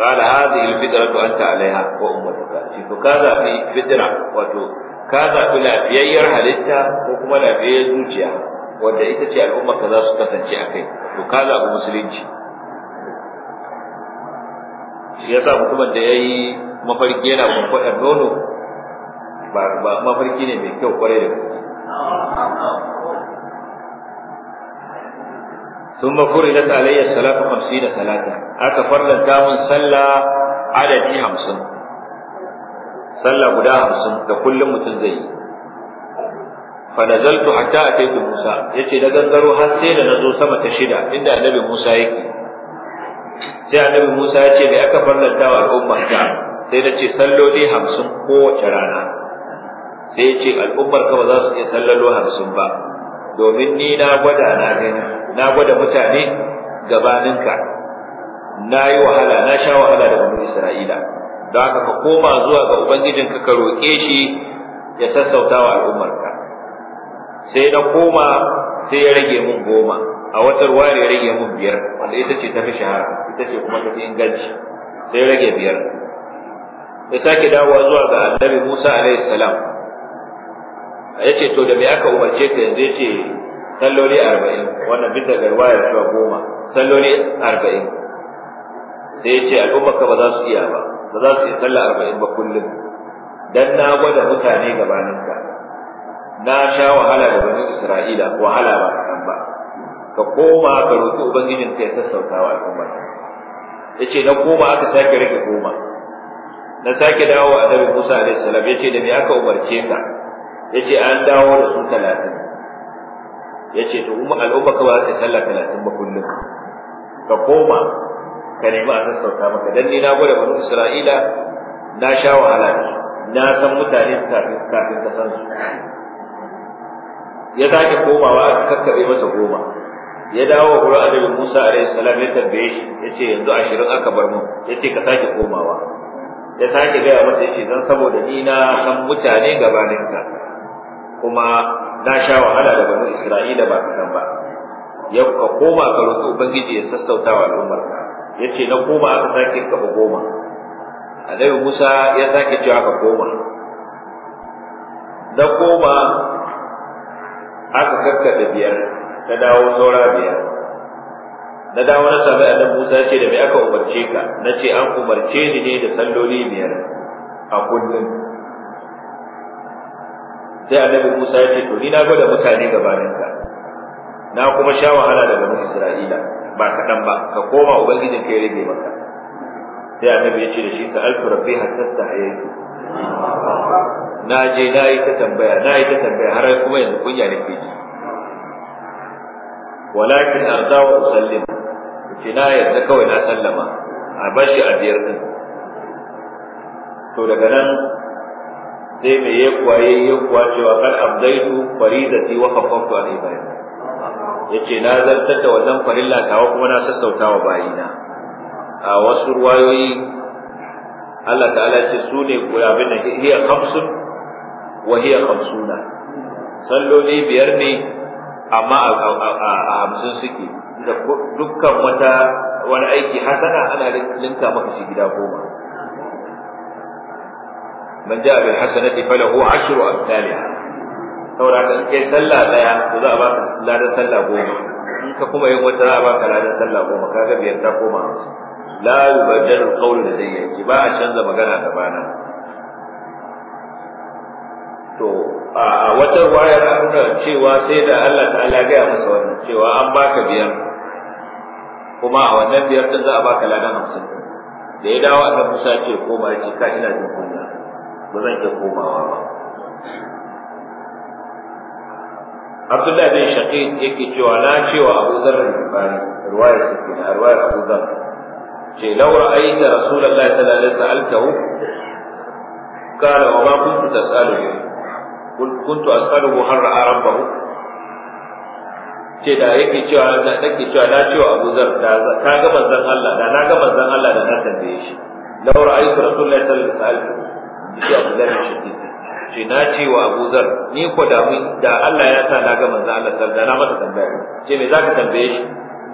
قال هذه الفطرة أنت عليها وأمتك شوف كذا في فطرة وتو كذا في لافيير هلتا وكما لافيير زوجيا wanda ita ce al'ummar ka za su kasance a kai ka zaɓi musulunci yasa mutumin da ya yi mafarki yana kwankwaɗar nono ba mafarki ne mai kyau kwarai da gaske ثم فرضت علي الصلاة خمسين ثلاثة أكفرنا تام صلى عددي خمسين صلى بدا خمسين لكل مثل زي فنزلت حتى أتيت موسى يتي نغنغرو حسين نزو سما تشدا عند النبي موسى يكي sai annabi Musa ya ce bai aka farlanta wa al'ummar ta sai na ce salloli hamsin kowace rana sai ya ce al'ummar ka ba za su iya sallalo hamsin ba domin ni na gwada na gani na gwada mutane gabaninka na yi wahala na sha wahala da banu isra'ila don haka ka koma zuwa ga ubangijin ka roƙe shi ya sassauta wa al'ummarka sai na koma sai ya rage mun goma a watar ware ya rage mun biyar wanda ita ce ta fi shahara ita ce kuma ta fi inganci sai rage biyar ya sake dawowa zuwa ga annabi musa alayhi salam yace to da me aka umarce ka yanzu yace salloli 40 wannan bisa ga riwayar zuwa goma salloli 40 sai yace al'ummarka ba za su iya ba ba za su iya sallar 40 ba kullum dan na gwada mutane gabaninka na sha wahala da bani Isra'ila wahala ba kan ba ka koma ka roki ubangijin ka ya sassauta wa al'ummar yace na koma aka sake rage goma na sake dawo annabi Musa alaihi salam yace da me aka umarce ka yace an dawo da su talatin yace to umma al'umma ka ba ta sallah talatin ba kullum ka koma ka nemi a sassauta maka dan ni na gwada banu isra'ila na sha wahala na san mutane kafin kafin ka san su ya sake komawa aka kakkabe masa goma ya dawo gurin annabi Musa alayhi salam ya tambaye shi yace yanzu ashirin aka bar mu yace ka sake komawa ya sake gaya masa yace dan saboda ni na san mutane gabanin ka kuma na sha wahala da bani Isra'ila ba san ba Ya ka koma ka roƙi ubangiji ya sassauta wa al'ummar ka ce na koma aka sake ka ba goma annabi Musa ya sake cewa ka koma na koma aka kakkaɗe biyar ta dawo saura biyar na dawo na sami annabi Musa ce da me aka umarce ka na ce an umarce ni ne da salloli biyar a kullum sai annabi Musa ya ce to ni na gwada mutane gabanin ka na kuma sha wahala da banu Isra'ila ba kaɗan ba ka koma ubangijin ka ya rage maka sai annabi ya ce da shi alfu rabbi hatta hayatu na je na yi ta tambaya na yi ta tambaya har kuma yanzu kunya ke ji walakin arda wa usallim ce na yarda kawai na sallama a bashi a biyar din to daga nan sai mai yakuwa ya yi yakuwa cewa kan abdaitu faridati wa a alai ya yace na zartar da wannan farilla tawa kuma na sassauta wa bayina a wasu ruwayoyi Allah ta'ala ce su ne abin da hiya hamsin wa hiya hamsuna salloli biyar ne amma a hamsin suke da dukkan wata wani aiki hasana ana linka maka shi gida goma من جاء بالحسنة فله عشر أمثالها سورة كي سلا ديا sallah daya to za a baka ladan sallah goma in ka kuma yin wata za a baka ladan sallah goma kaga biyar ta koma hamsin la ba a canza magana to a wata wayar nuna cewa sai da Allah ta'ala gaya masa wannan cewa an baka biyar kuma a wannan biyar din za a baka ladan hamsin da ya dawo Musa ce ko ka ina jin kunya ba zan iya komawa ba Abdullahi bin Shaqiq yake cewa na cewa Abu Dharr al ruwaya riwaya take na ruwaya Abu Dharr ce law ra'aita Rasulullahi sallallahu alaihi wasallam alkahu kana wa ma kuntu tas'aluhu kuntu as'aluhu har ra'a rabbahu ce da yake cewa da take cewa na cewa Abu Dharr da ka ga manzon Allah da na ga manzon Allah da na tambaye shi law ra'aita Rasulullahi sallallahu alaihi wasallam abu Abdullah shi Shadid ce na ce wa Abu Zar ni ko da mu da Allah ya sa na ga manzo Allah sallallahu alaihi masa tambaya ce me zaka tambaye shi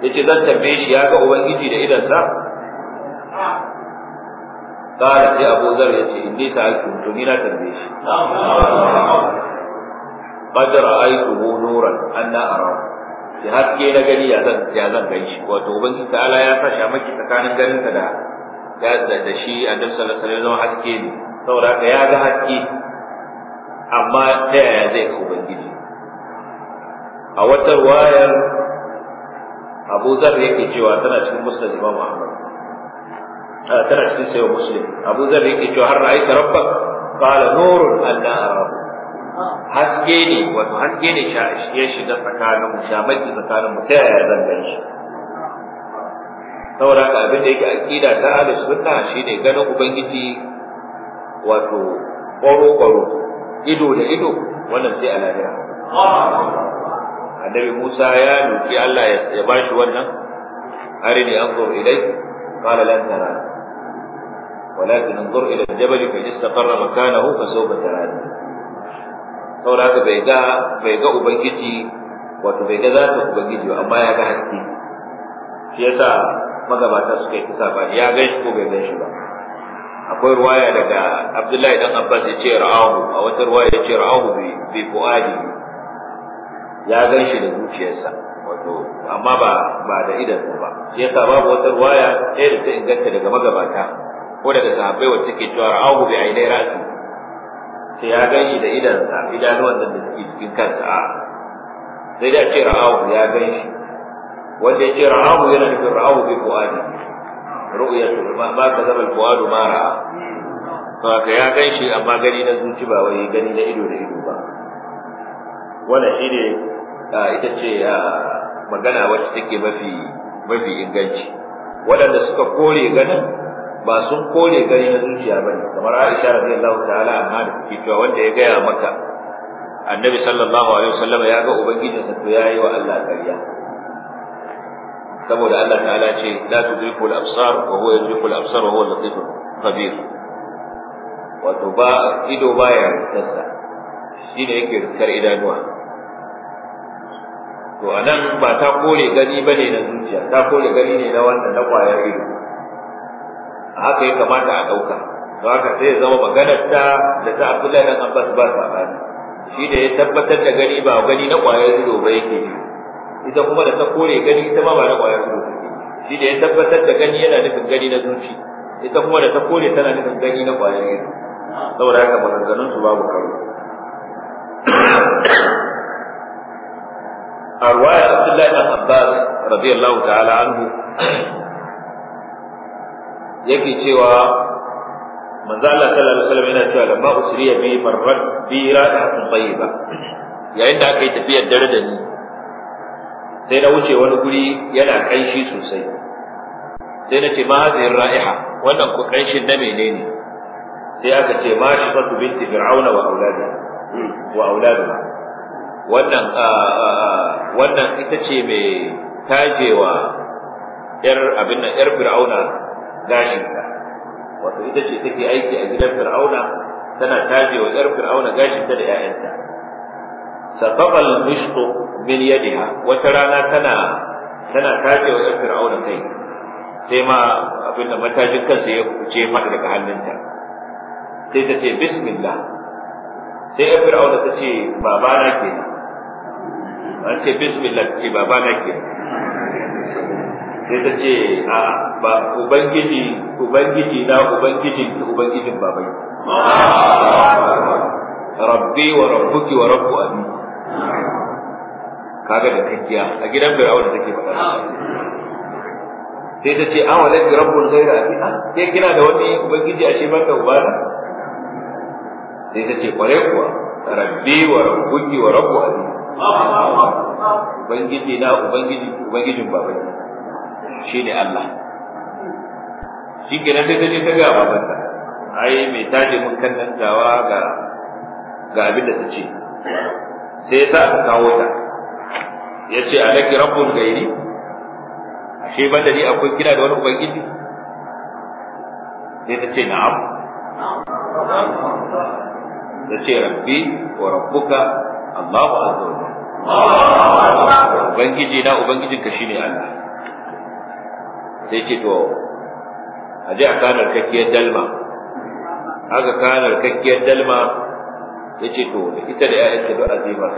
yace zan tambaye shi ya ga ubangiji da idan sa kala sai Abu Zar yace inni ku to ni na tambaye shi qad ra'aytuhu nuran anna ara shi haske na gani ya zan ya zan gani wato ubangiji Allah ya sa shamaki tsakanin ganin ka da da shi annabi sallallahu alaihi wasallam haske ne saboda ka ya ga haƙƙi amma ta yaya zai ga ubangiji a wata wayar abu zar yake cewa tana cikin musulun imam ahmad ah, tana cikin sayo musulun abu zar yake cewa har ra'ayi ta rabba qala nurun anna haske ne wato haske ne ya shiga tsakanin mu shamaki tsakanin mu ta yaya zan gan shi saboda ka abin da yake aƙida ta alisunna shi shine ganin ubangiji wato ƙwaro-ƙwaro ido da ido wannan sai a lahira annabi musa ya nufi allah ya ba shi wannan arini zo ilai kala lan tara walakin anzur ila al-jabal fa istaqarra makanahu fa sawfa tarani saboda ka bai ga bai ga ubangiji wato bai ga zata ubangiji ba amma ya ga haske shi yasa magabata suka yi kisa ba ya gan shi ko bai gan shi ba akwai ruwaya daga abdullahi dan abbas ya ce ra'ahu a wata ruwaya ya ce ra'ahu bi fuadi ya gan shi da zuciyarsa wato amma ba ba da idan ba sai ka babu wata ruwaya ɗaya da ta inganta daga magabata ko daga sahabbai wacce ke cewa ra'ahu bi ainihin rasu. sai ya gan shi da idan idanuwan da suke cikin kansa a sai da ce ra'ahu ya gan shi wanda ya ce ra'ahu yana nufin ra'ahu bi fuadi ru'yatu ba ka zama alqawadu mara to haka ya ganshi amma gani na zuci ba wai gani na ido da ido ba wannan shine ita ce magana wacce take mafi mafi inganci Wadanda suka kore ganin ba sun kore gani na zuciya ba ne kamar Aisha radiyallahu ta'ala amma da take cewa wanda ya gaya maka annabi sallallahu alaihi wasallam ya ga ubangijinsa to yayi wa Allah ƙarya saboda Allah ta'ala ce la tudriku al-absar wa huwa yudriku al-absar wa huwa al-latif al-khabir wato ba ido baya rikasa shine yake rikar idanuwa to anan ba ta kore gani bane na zuciya ta kore gani ne na wanda na kwaya ido haka ya kamata a dauka to haka sai ya zama maganar ta da ta Abdullahi dan Abbas ba sabani shi da ya tabbatar da gani ba gani na kwaya ido ba yake ne ita kuma da ta kore gani ita ma ba na ƙwayar ido shi da ya tabbatar da gani yana nufin gani na zuci ita kuma da ta kore tana nufin gani na ƙwayar ido saboda haka maganganun su babu karo a ruwayar abdullahi ibn abbas radiyallahu ta'ala anhu yake cewa manzo Allah sallallahu alaihi wasallam yana cewa lamma usriya bi farrat bi ra'atin tayyiba yayin da aka yi tafiyar dare da ni sai na wuce wani guri yana kanshi sosai sai na ce ma hazihin ra'iha wannan ku kanshin na menene sai aka ce ma shi fatu binti fir'auna wa auladu hmm. wa auladu wannan wannan ita ce mai tajewa yar abin nan yar fir'auna gashin ta wato ita ce take aiki a gidan fir'auna tana tajewa yar fir'auna gashin ta da 'ya'yanta safaqal mishtu min yadiha wata rana tana tana tace wa fir'auna kai sai ma abin da matajin kansa ya kuce faɗi daga hannunta sai ta ce bismillah sai fir'auna ta ce babana ke. an ce bismillah ta ce babana ke. sai ta ce a ba ubangiji ubangiji na ubangijin ki ubangijin babai rabbi wa rabbuki wa rabbu abi kaga da kakkiya a gidan fir'auna take ba sai ta ce an walad bi rabbul ghayra abi sai ah, kina da wani ubangiji ashe ban da ubana sai ta ce kware kuwa rabbi wa rabbuki wa rabbu abi ubangiji na ubangiji ubangijin baban ne Allah shi kenan sai ta ce ta ga babanta ai mai taje mun kan nan gawa ga ga abin da ta ce sai ya sa aka kawo ta ya ce alaki rabbun gairi ashe ban da ni akwai kira da wani ubangiji sai ta ce na'am ta ce rabbi wa rabbuka Allahu azza wa ubangiji na ubangijinka shine Allah sai ce to a ji a kanar kakkiyar dalma aka kanar kakkiyar dalma ya ce to ita da 'ya'yanta duk azimar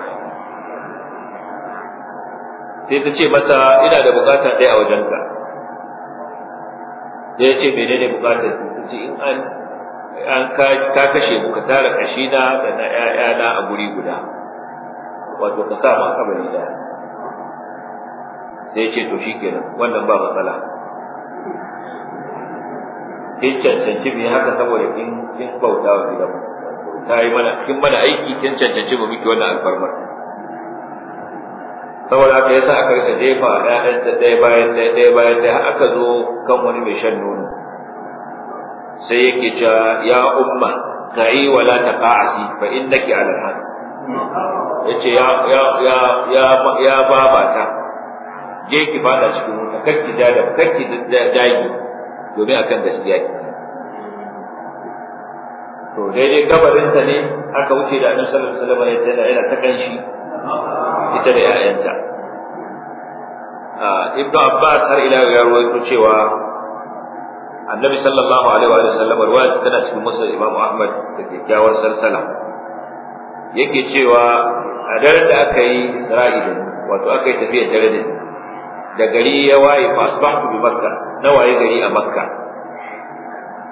sai ta ce masa ina da bukata ɗaya a wajenka sai ya ce menene bukatar ta ce in an an ka kashe ka tara kashi na da na ƴaƴana a guri guda wato ka sa ma kabari da sai ce to shikenan wannan ba matsala kin cancanci mu haka saboda kin kin bauta wa gidan ta yi mana kin mana aiki kin cancanci mu miki wannan alfarmar saboda haka yasa aka rika jefa ɗayan ta ɗaya bayan ɗaya ɗaya bayan ɗaya aka zo kan wani mai shan nono sai yake cewa ya umma ka'i wala ta taqa'asi fa innaki ala al yace ya ya ya ya ya babata je ki fada cikin wuta kakki da da kakki ki dagi domin akan gaskiya ki to daidai kabarinta ne aka wuce da annabi sallallahu alaihi wasallam yana ta kanshi ita da 'ya'yanta ah, ibnu abbas har ila ya rawaito cewa annabi sallallahu alaihi wa sallam riwaya tana cikin musnad imam ahmad da kyakkyawar sarsala yake cewa a daren da aka yi isra'i wato aka yi tafiyar dare da da gari ya waye fa asbahtu bi makka na waye gari a makka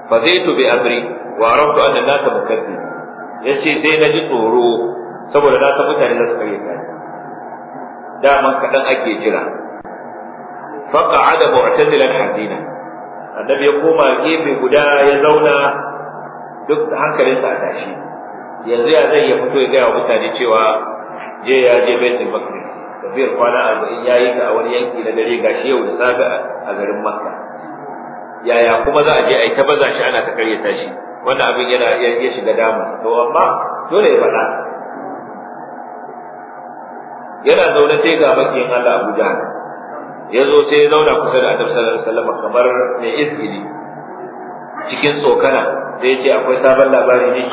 fa zaitu bi amri wa araftu an-nasa mukazzib yace sai na ji tsoro saboda na san mutane na su kare dama kaɗan ake jira ada mu'tazilan hadina. annabi ya koma gefe guda ya zauna duk hankalinsa a tashi yanzu ya zai ya fito ya gaya wa mutane cewa je ya je baitul maqdis tafiyar kwana arba'in ya yi ga wani yanki na dare gashi yau da safe a garin makka yaya kuma za a je a yi ta baza shi ana ta karyata tashi? wannan abin yana ya shiga damu to amma dole ya faɗa yana zaune sai ga bakin Allah Abu ya zo sai ya zauna kusa da Annabi sallallahu alaihi wasallam kamar mai izini cikin tsokana sai ya ce akwai sabon labari ne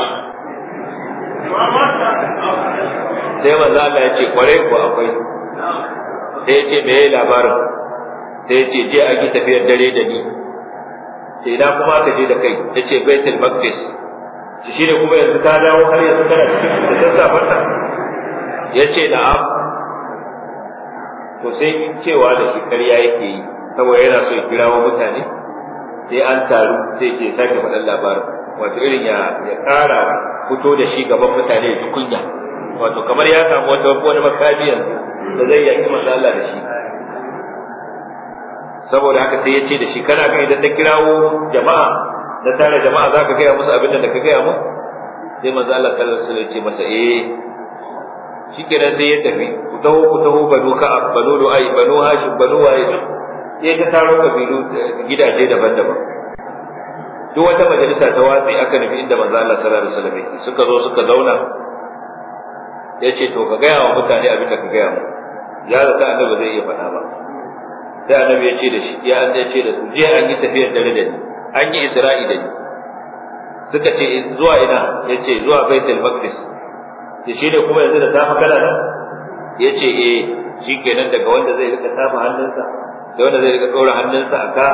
sai manzo Allah ya ce kware ko akwai sai ya ce me yayi labarin sai ya ce je a ki tafiyar dare da ni sai na kuma ka je da kai ya ce baitul maqdis shi ne kuma yanzu ta dawo har yanzu kana cikin da sassafen ya ce na'am to sai in cewa da shi ƙarya yake yi saboda yana so ya wa mutane sai an taru sai ke sake faɗin labarin wato irin ya ya ƙara fito da shi gaban mutane ya kunya wato kamar ya samu wata wani makami yanzu da zai yaki manzo Allah da shi saboda haka sai ya ce da shi kana ga idan na kirawo jama'a na tare jama'a za ka gaya musu abin da ka gaya mu sai manzo Allah sallallahu alaihi wasallam ya ce masa eh shikenan sai ya tafi ku taho ku taho banu ka'ab banu lu'ay banu hashim banu waye sai ta taro kabilu eh, gidaje daban-daban duk wata majalisa ta watsi aka nufi inda manzo Allah sallallahu alaihi wasallam yake suka zo suka zauna yace to ka gaya wa mutane abin da ka gaya mu ya ta annabi zai iya faɗa ba sai annabi ya ce da shi ya an ce da su je an yi tafiyar dare da ni an yi isra'i da ni suka ce eh, zuwa ina yace zuwa baitul maqdis ce shi ne kuma yanzu da ta kana nan ya ce eh shi kenan daga wanda zai rika tafa hannunsa da wanda zai rika ɗora hannunsa a ka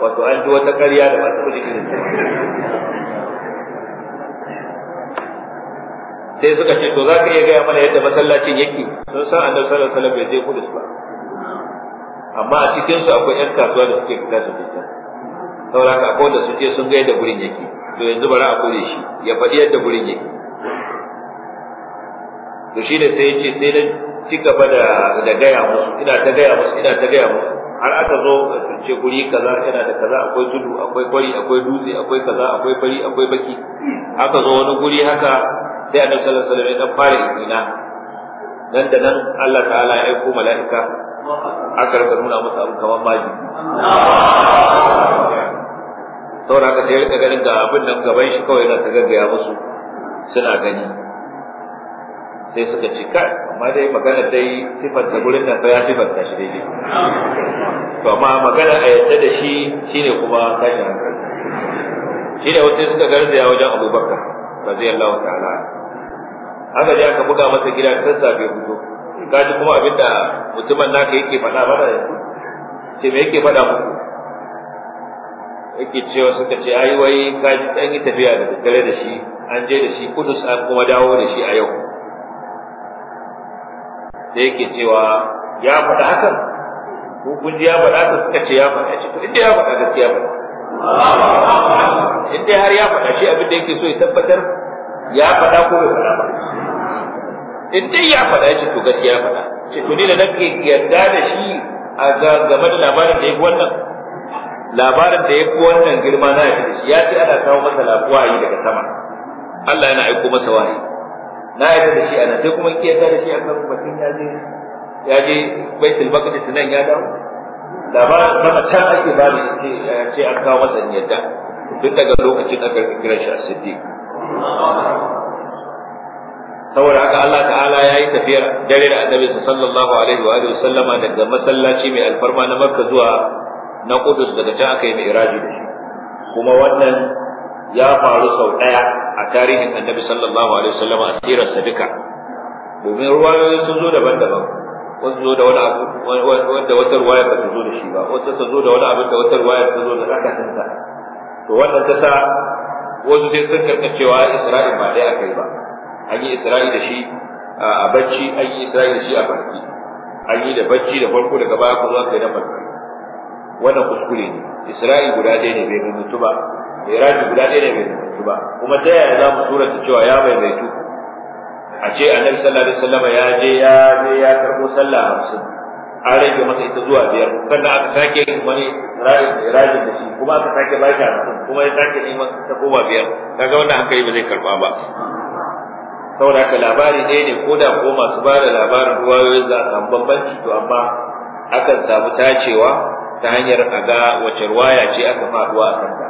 wato an ji wata ƙarya da masu kuɗi irin sai suka ce to za ka iya gaya mana yadda masallacin yake sun san annabi sallallahu alaihi wasallam bai je kudus ba amma a cikin su akwai yan kasuwa da suke fita su je can saboda haka akwai wanda su je sun ga yadda gurin yake to yanzu bara a kore shi ya faɗi yadda gurin yake to shi ne sai ce sai na ci gaba da da gaya musu ina ta gaya musu ina ta gaya musu har aka zo ce guri kaza ina da kaza akwai tudu akwai kwari akwai dutse akwai kaza akwai fari akwai baki aka zo wani guri haka sai annabi sallallahu alaihi wasallam ya fara ina nan da nan Allah ta'ala ya aika mala'ika aka rika nuna musu abu kamar maji saboda haka sai ya rika ganin ga abin nan gaban shi kawai na ta gaggaya musu suna gani sai suka ci kai amma dai magana dai sifar da gurin nan ya sifar ta shi daidai to amma magana a yadda da shi shine kuma tashin hankali Shi ne wasu suka garzaya wajen abubakar wa ta'ala haka dai aka buga masa gida ta safe Ka kaji kuma abin da mutumin naka yake faɗa mana yanzu ce me yake faɗa muku yake cewa suka ce ai wai kaji dan yi tafiya da daddare da shi an je da shi kudus an kuma dawo da shi a yau da yake cewa ya faɗa hakan ko kun ji ya faɗa ta suka ce ya faɗa shi inda ya faɗa gaskiya ba inda har ya faɗa shi abin da yake so ya tabbatar ya faɗa ko bai faɗa ba in ya faɗa shi to gaskiya faɗa shi to ni da nake yarda da shi a game da labarin da ya wannan labarin da ya wannan girma na ya ce ya ce ana kawo masa labuwa yi daga sama Allah yana aiko masa wahayi na yarda da shi ana sai kuma ki yarda da shi kan batun ya je ya je baitul maqdis nan ya dawo ba ta ta ake ba da shi ce eh, an kawo masa yadda duk daga lokacin kake kira shi as-siddiq saboda haka Allah ta'ala ya yi tafiyar dare da annabi sallallahu alaihi wa sallama daga masallaci mai alfarma na makka zuwa na kudus daga can aka yi mai iraji da shi kuma wannan ya faru sau ɗaya a tarihin annabi sallallahu alaihi wasallam a sirar sadika domin ruwayoyi sun zo daban-daban wasu zo da wani wanda wata ruwaya ba ta zo da shi ba wata ta zo da wani abin da wata ruwaya ta zo da akasin sa to wannan ta sa wasu sai sun karka cewa Isra'il ba dai akai ba an yi Isra'il da shi a bacci an yi Isra'il da shi a farki an yi da bacci da farko daga baya kuma zo kai da farko wannan kuskure ne Isra'il guda ɗaya ne bai mutu ba miraji guda ɗaya ne mai tabbatu ba kuma ta yaya za mu ta cewa ya maimaitu a ce annabi sallallahu alaihi wasallam ya je ya je ya karbo sallah hamsin an rage masa ita zuwa biyar sannan aka sake wani irajin da shi kuma aka sake ba shi hamsin kuma ya sake neman ta koma biyar kaga wannan hankali ba zai karba ba saboda haka labari ɗaya ne ko da ko masu ba da labarin yau za a samu bambanci to amma akan samu tacewa ta hanyar a ga wace ruwaya ce aka faɗuwa a kanta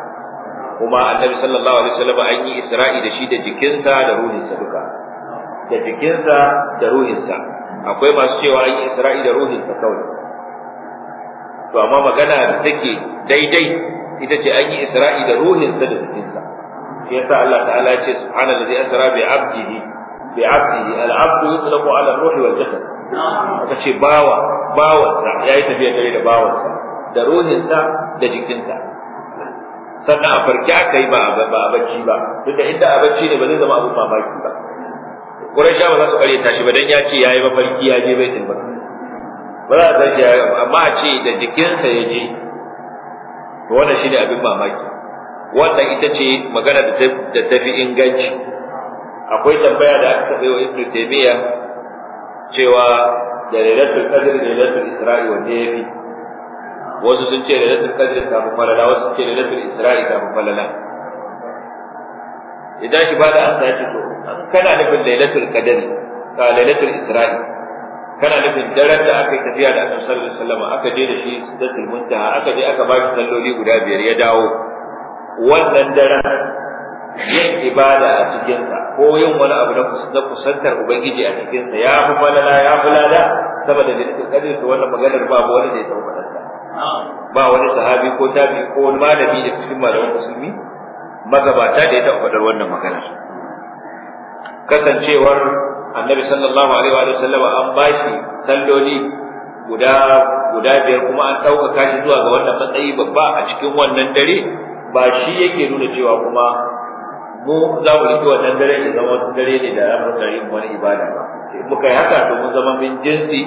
kuma annabi sallallahu alaihi wasallam an yi isra'i da shi da jikinsa da ruhinsa duka da jikinsa da ruhinsa akwai masu cewa an yi isra'i da ruhinsa kawai to amma magana da take daidai ita ce an yi isra'i da ruhinsa da jikinsa shi yasa Allah ta'ala ya ce subhanallazi asra bi 'abdihi bi 'abdihi al-'abdu yutlaqu 'ala ar-ruhi wal jasad aka ce bawa bawansa Ya yi tafiya dare da bawansa da ruhinsa da jikinsa sannan a farki aka yi ba a bacci ba duk da inda a bacci ne ba zai zama abin mamaki ba Quraysha ba za su kare tashi ba dan ya ce yayi mafarki ya je baitul ba ba za a ya amma a ce da jikinsa ya je to wannan shine abin mamaki wannan ita ce magana da ta fi inganci akwai tambaya da aka tsaye wa ibnu taymiya cewa da lailatul qadr da lailatul isra'i wanne fi. wasu sun ce da qadr ta kafin falala wasu sun ce lailatul isra'i ta fi falala idan shi ba da an sace to an kana nufin lailatul qadr ka lailatul isra'i kana nufin daren da aka yi tafiya da annabi sallallahu alaihi wasallam aka je da shi sidratul muntaha aka je aka ba shi salloli guda biyar ya dawo wannan daren yin ibada a cikin ka, ko yin wani abu na kusantar ubangiji a cikin ka, ya fi falala ya fi lada saboda lailatul qadr to wannan maganar babu wani da ya tauba ba wani sahabi ko tabi ko wani malami da cikin malaman musulmi magabata da ya taɓa faɗar wannan magana kasancewar annabi sallallahu alaihi wa sallam an shi salloli guda guda biyar kuma an ɗaukaka shi zuwa ga wannan matsayi babba a cikin wannan dare ba shi yake nuna cewa kuma mu za mu riƙe wannan dare ya zama wani dare ne da amurka yin wani ibada ba muka yi haka to mu zama min jinsi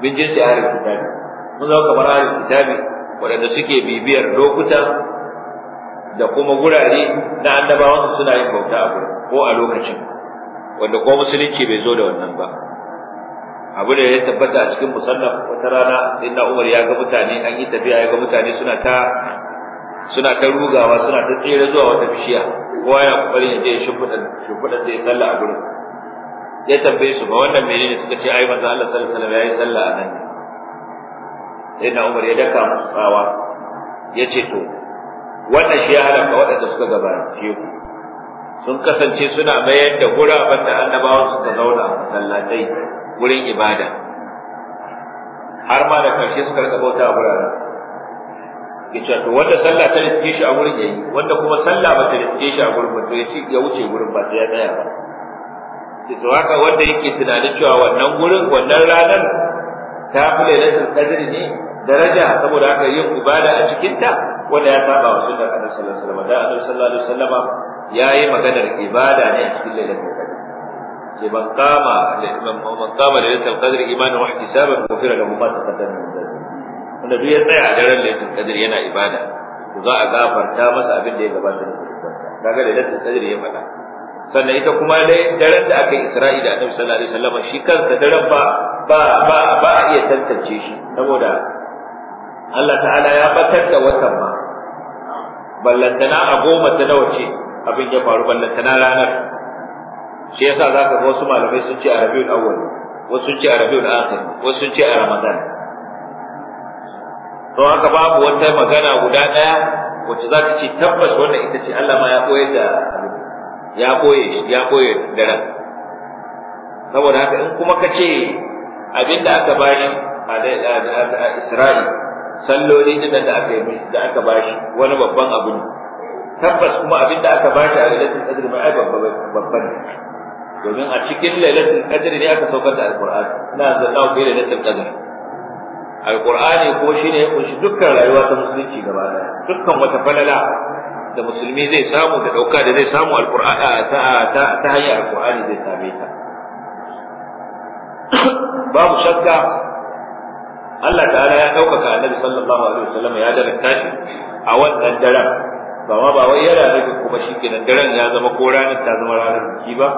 min jinsi a harin mun zama kamar a kitabi waɗanda suke bibiyar lokuta da kuma gurare na annabawan suna yin bauta a gurin ko a lokacin wanda ko musulunci bai zo da wannan ba abu da ya tabbata a cikin musannaf wata rana inda umar ya ga mutane an yi tafiya ya ga mutane suna ta suna ta rugawa suna ta tsere zuwa wata bishiya kowa ya kokarin ya je ya shimfiɗa shimfiɗa sai sallah a gurin ya tambaye su ba wannan menene suka ce ai manzo Allah sallallahu alaihi wasallam yi sallah a nan sai na umar ya daka musu tsawa ya ce to wannan shi ya halaka waɗanda suka gabace ku sun kasance suna mayar da guraben da annabawan suka zauna a masallatai wurin ibada har ma da karshe suka rika bauta a guraren ce to wanda sallah ta riske shi a ya yayi wanda kuma sallah ba ta riske shi a gurin ba to yace ya wuce gurin ba sai ya tsaya ba sai to haka wanda yake tunanin cewa wannan gurin wannan ranar ta fi lailatul qadr ne daraja saboda haka yin ibada a cikinta wanda ya saba wa sunnar annabi sallallahu alaihi wasallam da annabi sallallahu alaihi wasallam yayi maganar ibada ne a cikin lailatul qadr ke ban kama man kama lailatul qadr imanan wa ihtisaban ghufira lahu ma taqaddama min dhanbi wanda duk ya tsaya a daren lailatul qadr yana ibada to za a gafarta masa abin da ya gabata da zunubansa kaga lailatul qadr ya fada sannan ita kuma daren da aka isra'i da annabi sallallahu alaihi wasallam shi kansa daren ba ba ba a iya tantance shi saboda Allah ta'ala ya batar da watan ma ballantana a goma ta nawa ce abin ya faru ballantana ranar shi yasa za ka ga wasu malamai sun ce a rabiul awwal wasu sun ce a rabiul akhir wasu sun ce a ramadan To haka babu wata magana guda daya wacce za ta ce tabbas wannan ita ce Allah ma ya koyar da ya koye ya koye da ran saboda haka in kuma ka ce abinda aka bani a Isra'il salloli din da aka yi da aka bashi wani babban abu ne tabbas kuma abin da aka bashi a lailatul qadr ba ai babban ne domin a cikin lailatul qadr ne aka saukar da alqur'ani ina zanna ku lailatul qadr alqur'ani ko shine ya kunshi dukkan rayuwa ta musulunci gaba daya dukkan wata falala da musulmi zai samu da dauka da zai samu alqur'ani ta ta ta hanyar alqur'ani zai same ta babu shakka Allah ta'ala ya ɗaukaka annabi sallallahu alaihi wasallam ya daranta shi a wannan daren ba ma ba wai yana nufin kuma shi kenan daren ya zama ko ranar ta zama ranar biki ba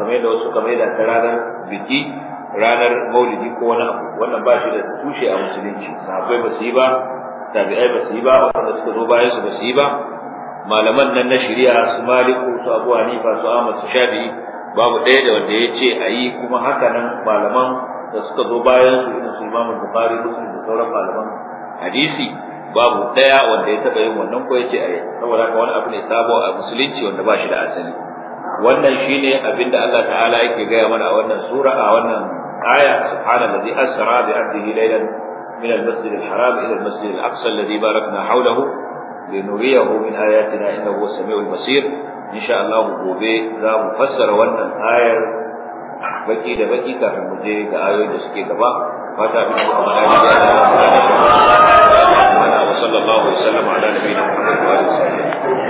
kamar yadda wasu kamar yadda ta ranar biki ranar maulidi ko wani abu wannan ba shi da tushe a musulunci sahabbai ba su yi ba tabi'ai ba su yi ba wanda suka zo bayan su ba su yi ba malaman nan na shari'a su maliku su abu hanifa su ahmad su shafi'i babu ɗaya da wanda ya ce a yi kuma haka nan malaman da suka zo bayan su irin su Imam Bukhari Muslim da sauran malaman hadisi babu daya wanda ya taɓa yin wannan ko yace ai saboda haka wani abu ne sabo a musulunci wanda ba shi da asali wannan shine abinda Allah ta'ala yake gaya mana a wannan sura a wannan aya subhanallazi asra bi abdihi laylan min al-masjid al-haram ila al-masjid al-aqsa alladhi barakna hawlahu linuriyahu min ayatina innahu samiul basir insha Allah gobe za mu fassara wannan ayar baki da baki kafin mu je ga ayoyi da suke gaba fata bi da kuma da Allah wa sallallahu alaihi wa sallam ala nabiyina Muhammad wa alihi wa